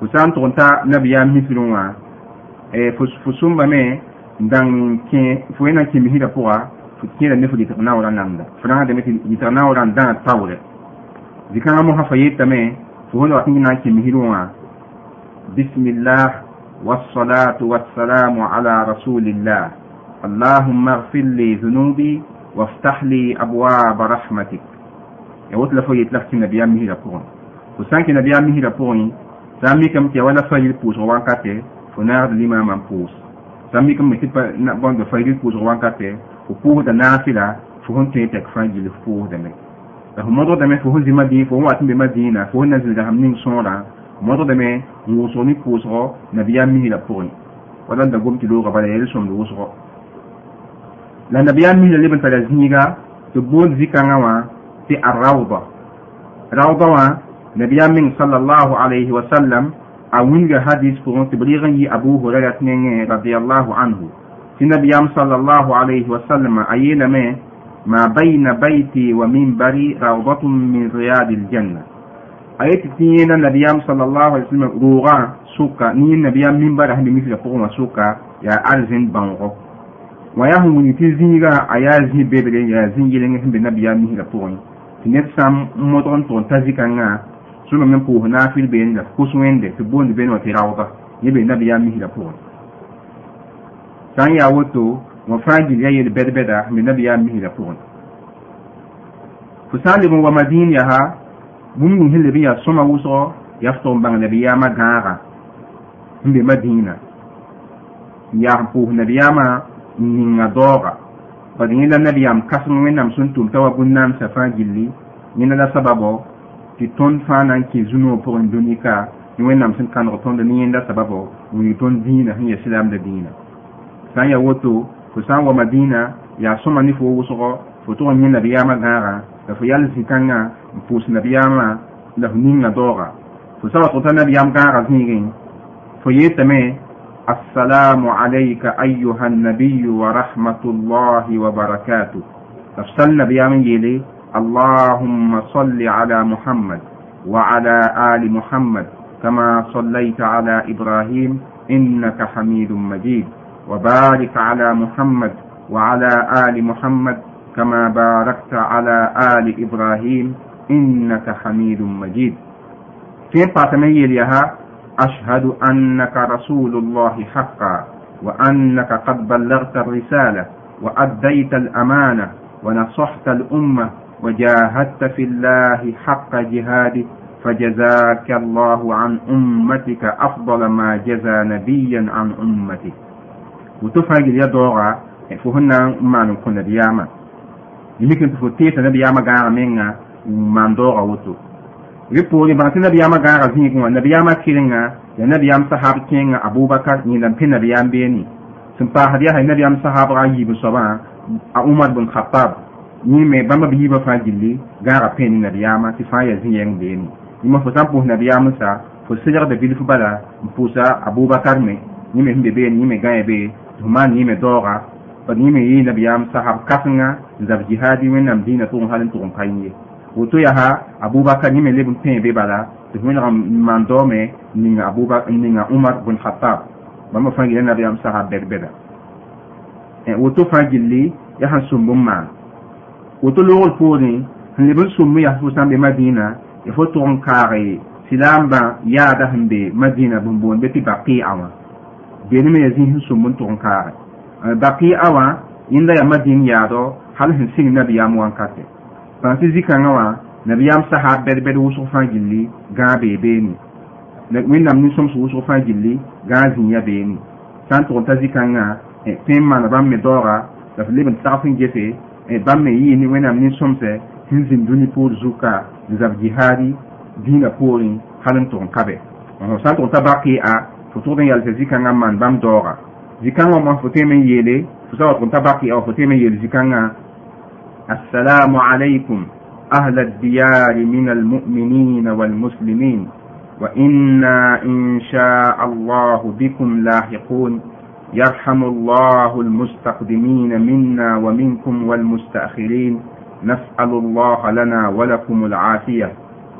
fo sã n tog n ta nabiyaam hisrẽ wã fo sũmbame n dãng kẽ fo yẽ na n kẽ misirã pʋga fo kẽeda ne fo yetg naoorã namda fo na n dame tɩ yetg naoorã n dãna taoore zĩ-kãngã mosã fa yetame fo fõn wa sẽn na n kẽ misir wã bismillah والصلاة والسلام على رسول الله اللهم اغفر لي ذنوبي وافتح لي أبواب رحمتك يوتلا فويت لفتي نبيا مهي لبورن وسانك نبيا مهي لبورن sã kam mikame tɩ ya wa la fajr pʋʋsg wãnkate fo naagd limaamã n pʋʋs sã mikame tɩ pa bõnd fajr pʋʋsg wãnkate fo pʋʋsda naafɩla fo sẽn tõe n tɛk fãa gilli pʋʋsdame la fo modgdame fo sẽn zĩ madĩn fo sẽn watɩ n be madĩinã fo sẽn na zĩlgasem ning sõorã modgdame n wʋsg ne pʋʋsg nabiyaam miisrã pʋgẽ wala da gom tɩ loogã bala yel sõmd wʋsgɔ la nabiyaam miisrã leb n tara zĩiga tɩ boond zĩ-kãngã wã tɩ a raoda raoda wã le biyaming sallallahu alayhi wa sallam a winga hadis pour te brigan yi abu hurairah tnenge radiyallahu anhu tina biyam sallallahu alayhi wa sallam a yeelame ma bayna bayti wa minbari rawdatun min riyadil janna tɩ tiyena nabiyam sallallahu alayhi wa sʋka ruga suka ni nabiyam be hande pʋgẽ wã sʋka yaa arzẽn bango wã yaa hun wuni tɩ zĩigã a yaa zĩ bebge yaa zĩ yɩlengẽ sẽn be nabiyaa misga pʋgẽ tɩ ned sãn modg n tʋg n ta zĩ sũma me n pʋʋs naafɩr beenga kʋs wẽnde tɩ boond been wã tɩ raooga yẽ bee nabiyaam misda ya sã n yaa san ya wato gil yaa yel bɛd-bɛda n be nabiyaam misda pʋgẽ fo sã n wa madiin yaa bũmb ning sẽn leb n yaa sõma wʋsgɔ yaa f ya ma gara nabiyaamã gãaga n be madiinã n yaa n pʋʋs nabiyaamã n ninga daooga bad yẽ la nabiyaam kãsem wẽnnaam la sababo tɩ tõnd fãa na n kẽ zu-noog pʋgẽ dũnika ne wẽnnaam sẽn kãneg tõnd ne yẽnda sababo wing tõnd dĩinã sẽn yaa silaamda dĩinã sã n yaa woto fo sã n wa madiinã yaa sõma ne fo wʋsgɔ fo tʋg n yẽ nabiyaamã gãagã la fo yall zĩ-kãngã n pʋʋs nabiyaamã la fo ninga daooga fo sã wa tʋg ta nabiyaam gãagã zĩigẽ fo yeetame السلام عليك أيها النبي ورحمة الله اللهم صل على محمد وعلى آل محمد كما صليت على إبراهيم إنك حميد مجيد وبارك على محمد وعلى آل محمد كما باركت على آل إبراهيم إنك حميد مجيد كيف فاتميل يها أشهد أنك رسول الله حقا وأنك قد بلغت الرسالة وأديت الأمانة ونصحت الأمة وجاهدت في الله حق جهاده فجزاك الله عن أمتك أفضل ما جزى نبيا عن أمته وتفرق اليدورة فهنا ما نكون بياما يمكن تفتيت نبياما غارة منا ومن دورة وتو ripoore bãng tɩ nabiyaamã gãaga zĩigẽ wã nabiyaamã kɩrengã ya nabiyaam sahab kẽngã abubakar yẽndame pẽ nabiyaam beene sẽn paasd yaa nabiyaam sahabgã a yiib soabã a umar bn khatab ni me bamba bi ba fa gilli gara pen na biyama ti fa ya ziyeng de ni ni ma fo sampo na biyama sa fo sijar da bilu bala mpusa abubakar me ni me himbe be ni me gaye be tuma ni me dora pa ni me yi na biyam sahab kafnga zab jihadi wen nam dina tun halin tun kanye woto ya ha abubakar ni me lebun pen be bala to men ram mando me ni nga abubakar ni nga umar bin khattab bamba fa gilli na biyam sahab bebeda e eh, woto fa gilli ya han sumbum ma woto loogr puuni n leb n sʋm yaa fo sã n be madĩinã y fo tog n kaage silaambã yaada sẽn be madĩinã bõn boonde tɩ baqɩ'a wã beene ya zĩis n sʋmb n tog n kaage baqɩ'a wã yẽnda yaa madĩn yaadɔ hal sẽn sɩng nabiyaam wãnkate bãng tɩ zi-kãngã wã nabiyaam saha bɛd-bɛd wʋsg fãa gilli gãa bee beene wẽnnaam nin-sõms wʋsg fãa gilli gãa zĩyã beene sã n tog n ta zi-kãngã tõe n maan bãmb me daooga la f leb n n gese bame yi ni wẽnnaam nin-sõmsɛ sẽn zĩnd dũni poor zuka zab jihaadi dĩinã poorẽ hal n tʋg n kabe sã n tʋg t'a bakɩ a fo tʋgd n yalsa zi kãngã n maan bãmb daooga zĩ-kãngã wã fo teem n yeele fo wa tʋg n t'a bak a wa fo teem n yeel zi kãngã assalamu alaykum ahla diyaari min almuminina walmuslimin wa inna insha allahu bikum lahiqun يرحم الله المستقدمين منا ومنكم والمستأخرين نسأل الله لنا ولكم العافية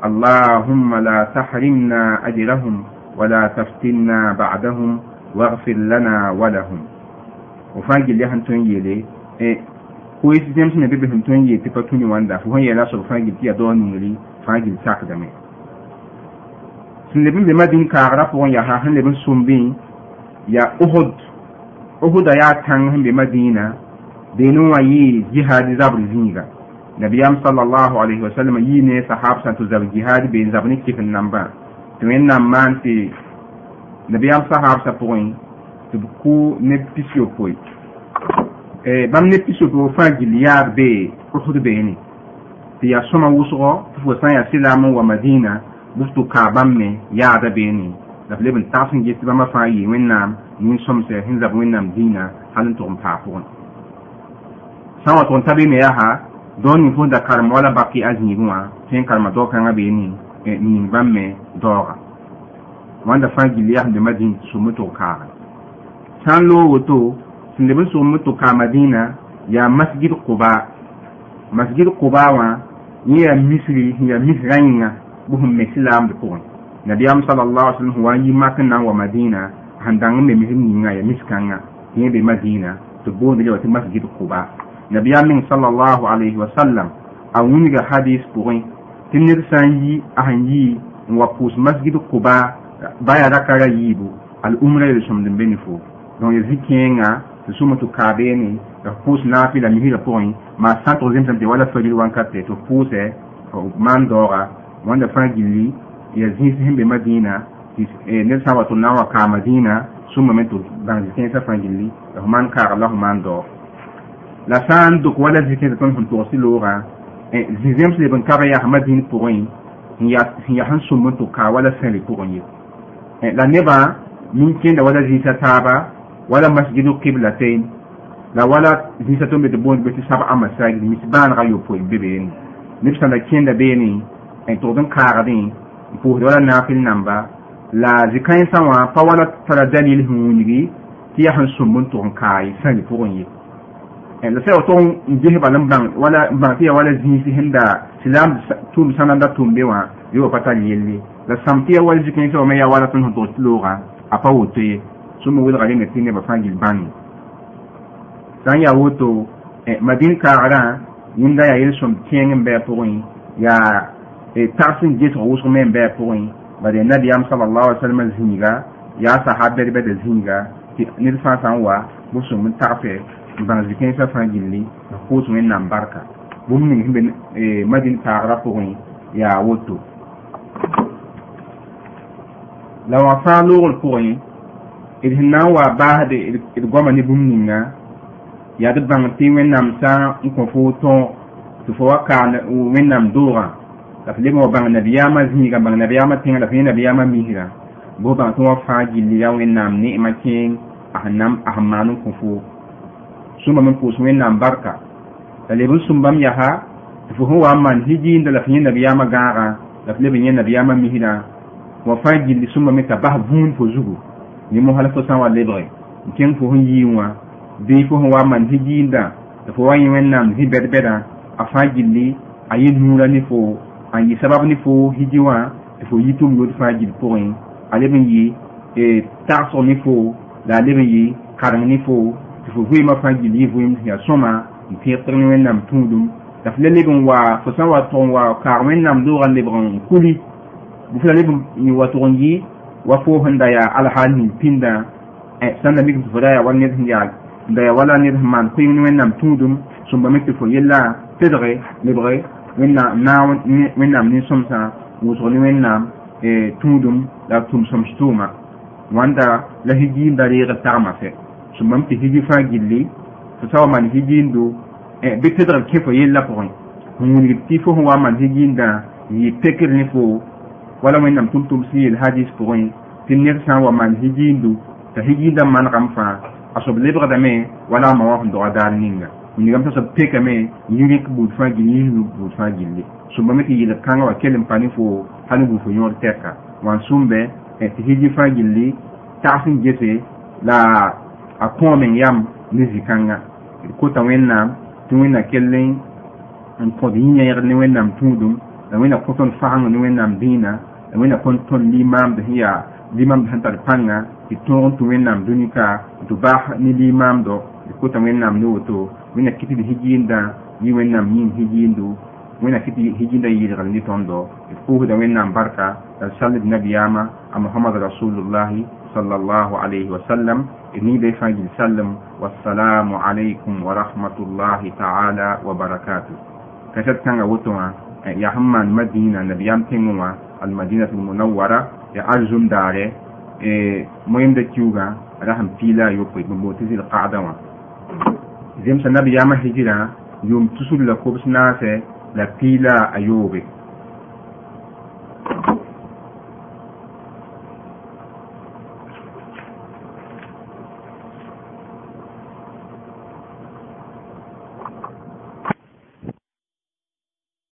اللهم لا تحرمنا أجرهم ولا تفتنا بعدهم واغفر لنا ولهم وفاق اللي هنتون يلي هو إيه، يسجم سنة بيبهم تون يلي تبتوني واندا فهو يلا شغل فاق اللي يدون نولي فاق اللي ساق دمي سنة بيبهم مدين كاغرا فهو يحاهم لبن سنبين يا أهد uhuda ya tan be madina denu yi jihad zabri zinga am sallallahu alaihi wasallam yi ne sahaba san to zabri jihad be zabni kifin namba to en nam man ti am sahaba sa poin to ku ne pisio poi e bam ne pisio to fa giliar be uhud be ni ti ya soma to fo san ya silamu wa madina buftu ka bamme ya da be ni da je tasin gesti ma fa yi nan yin sõmsɛ sẽn zab wẽnnaam dĩinã hal n tʋg n paa pʋgẽ sã n wa tʋg n ta be me yaa dõor ning fo da wala baki a zĩigẽ wã tɩ n karema ning bãmb me daooga wãnda fãa gill yaa sẽn dema dĩin tɩ sʋm tʋg kaaga sã loog woto sẽn leb n sʋgm tʋg kaa madĩinã yaa masgid koba masgid koba wã yẽ yaa misri sẽn yaa misrã yĩnga bɩ me silaamd pʋgẽ wa n yi mak n na n wa madĩinã handang me mi hinga ya miskanga ni be madina to bo de wati masjid quba nabiya min sallallahu alaihi wa sallam a ga hadis pourin tin ne san yi a yi wa pus masjid quba baya da kara yibu al umra ya sum din benifo don ya zikenga to suma to kabene da pus na fi la mi hira pourin ma santo zem samte wala fajir wan katte to puse mandora wanda fagili ya zin himbe madina Eh, ned sã n wa tʋm na n wa kaa madĩinã sũmame tɩ bãng zĩ-kẽensã fãa gilli f maan kaagr la f maan daoog la sã n wala zĩ-kẽensã tõnd sẽn togsy loogã zĩ-zems leb n kab n yaasa madĩin pʋgẽ sẽn yaa sẽn sũmb n tʋg kaa wala sẽn le pʋgẽ ye la nebã min kẽnda wala zĩisã taaba wala masgidu kiblatain la wala zĩisã tõnd bai tɩ boond be tɩ sab'a masagid misbãanegã yopoe be beene ne sã n la kẽnda bene eh, n tʋgd n kaagdẽ n pʋʋsd wala naafɩl namba la zikãensã wã pa wala tara dalil sẽn wilgi tɩ yaa sẽn sũmb n tʋg n kaay pʋgẽ ye la sã tʋg n ges bala n bãng wala n bãng tɩ yaa wala sẽn da silaam tʋʋmd sãn n da wã wa pa tar yelle la sãmb tɩ yaa wal zikãensã wame yaa wala tõnd sẽn tʋg tɩ loogã a pa woto ye sũmb wilga rẽnga tɩ nebã fãa gil bãnge sã n yaa woto madin kaagrã yĩnda yaa yel sõmb tẽeng n bɩ pʋgẽ yaa e, tags n gesg wʋsg me n pʋgẽ bare nabiyam sallallahu alaihi wasallam zĩiga yaa sahabɛrbã da zĩiga tɩ ned fãa sã n wa bʋ sũm n tagfɛ n bãng zĩ-kãensã fãa gilli la koos barka bũmb ning e, sẽn madin paagrã pʋgẽ yaa woto la wã fãa loogr na n wa baasd d goama ne na ya yaa ban bãng tɩ wẽnnaam sã n kõ fo tõog fo wa kaan la fi lebn wa bãng nabiyaamã zĩiga bãng nabiyaamã tẽngã la fi ne nabiyaamã bo bʋ bãng tɩ wã fãa gilli ya wẽnnaam nam kẽeng ma sẽn maan n kõ foo sũmba me n pʋʋs wẽnnaam barka la leb n sũm bãmb yaa tɩ fo sẽn wa n maan higiinda la fi yẽ nabiyaamã gãagã la fi leb n yẽ nabiyaamã miisdã wã fãa gilli sũmba me t'a bas vũun fo zugu ne mosã la fo sã n wa lebge n kẽng fo sẽn yiib wã bɩ fo sẽn wa n maan higiindã tɩ fo wa yẽ wẽnnaam zĩ bɛd-bɛdã a fãa gilli ayi yɩ nuurã ne fo an yi sabab ni fo hijiwa wã tɩ fo yi tʋm yod fãa gil pʋgẽ a leb n yɩ so ni fo la ale leb yi yɩ ni fo tɩ fo vɩɩmã fãa gil yi vɩɩm tɩ yaa sõma n tẽegtg ne wẽnnaam tũudum la fo la leb wa fo sã n wa tog n wa kaag wẽnnaam doogã lebg n kuli bɩ fo la leb n wa tog n yɩ wa fo sẽn da yaa alhaal nin pĩndã eh, sãn la mikm tɩ fo da yaa wall ned sẽn yaa n da yaa wala ned sẽn maan koɩng ne wẽnnaam tũudum sõmbame tɩ fo yella tedge lebge wẽnnaam naag wẽnnaam nin-sõmsã wʋsg ne wẽnnaam e, tũudum la b tʋm sõms tʋʋma wãnda la higiimda reegd tagmã fɛ tɩ higi fãa gilli e, fo sa wa man higiindu bɩ tɩdg d kẽ fo yella pʋgẽ n wilgd tɩ fo sẽn wa man higiindã yɩ pekr ne fo wala wẽnnaam tʋm-tʋm sẽn yel hadis pʋgẽ tɩ ned sã n wa man higiindu t'a higiindã manegame fãa a sob lebgdame wala a ma wa sẽn dogã daar ninga yigam sa peka me ka bud fa gi ni nu bud fa gi ni so ba meti yida kanga wa kelim pani fo hanu bu fo nyor teka wan sumbe e ti hiji fa gi li tafin jese la a ko men yam ni zikanga ko ta wenna tu wenna kellen en ko di nya yar ni wenna tudum na wenna ko ton fa ni wenna dina la wenna kon ton limam de hiya limam de hantar panga ti ton tu wenna dunika tu ba ni limam do ko ta wenna ni woto wina kiti hijinda ni wennam yin hijindu wena kiti hijinda yilgal ni tondo kuhuda wennam barka da sallid nabiyama a muhammad rasulullahi sallallahu alaihi wasallam ni be fangil sallam wassalamu alaikum wa rahmatullahi ta'ala wa barakatuh kasat kanga wutuma ya hamman madina nabiyam tinguwa al madinatu munawwara ya arzum dare e moyem da kiuga fila pila yopoy bo tizil qa'da wa zems nabi yama hijira yom tusul la kobs naase la pila ayobe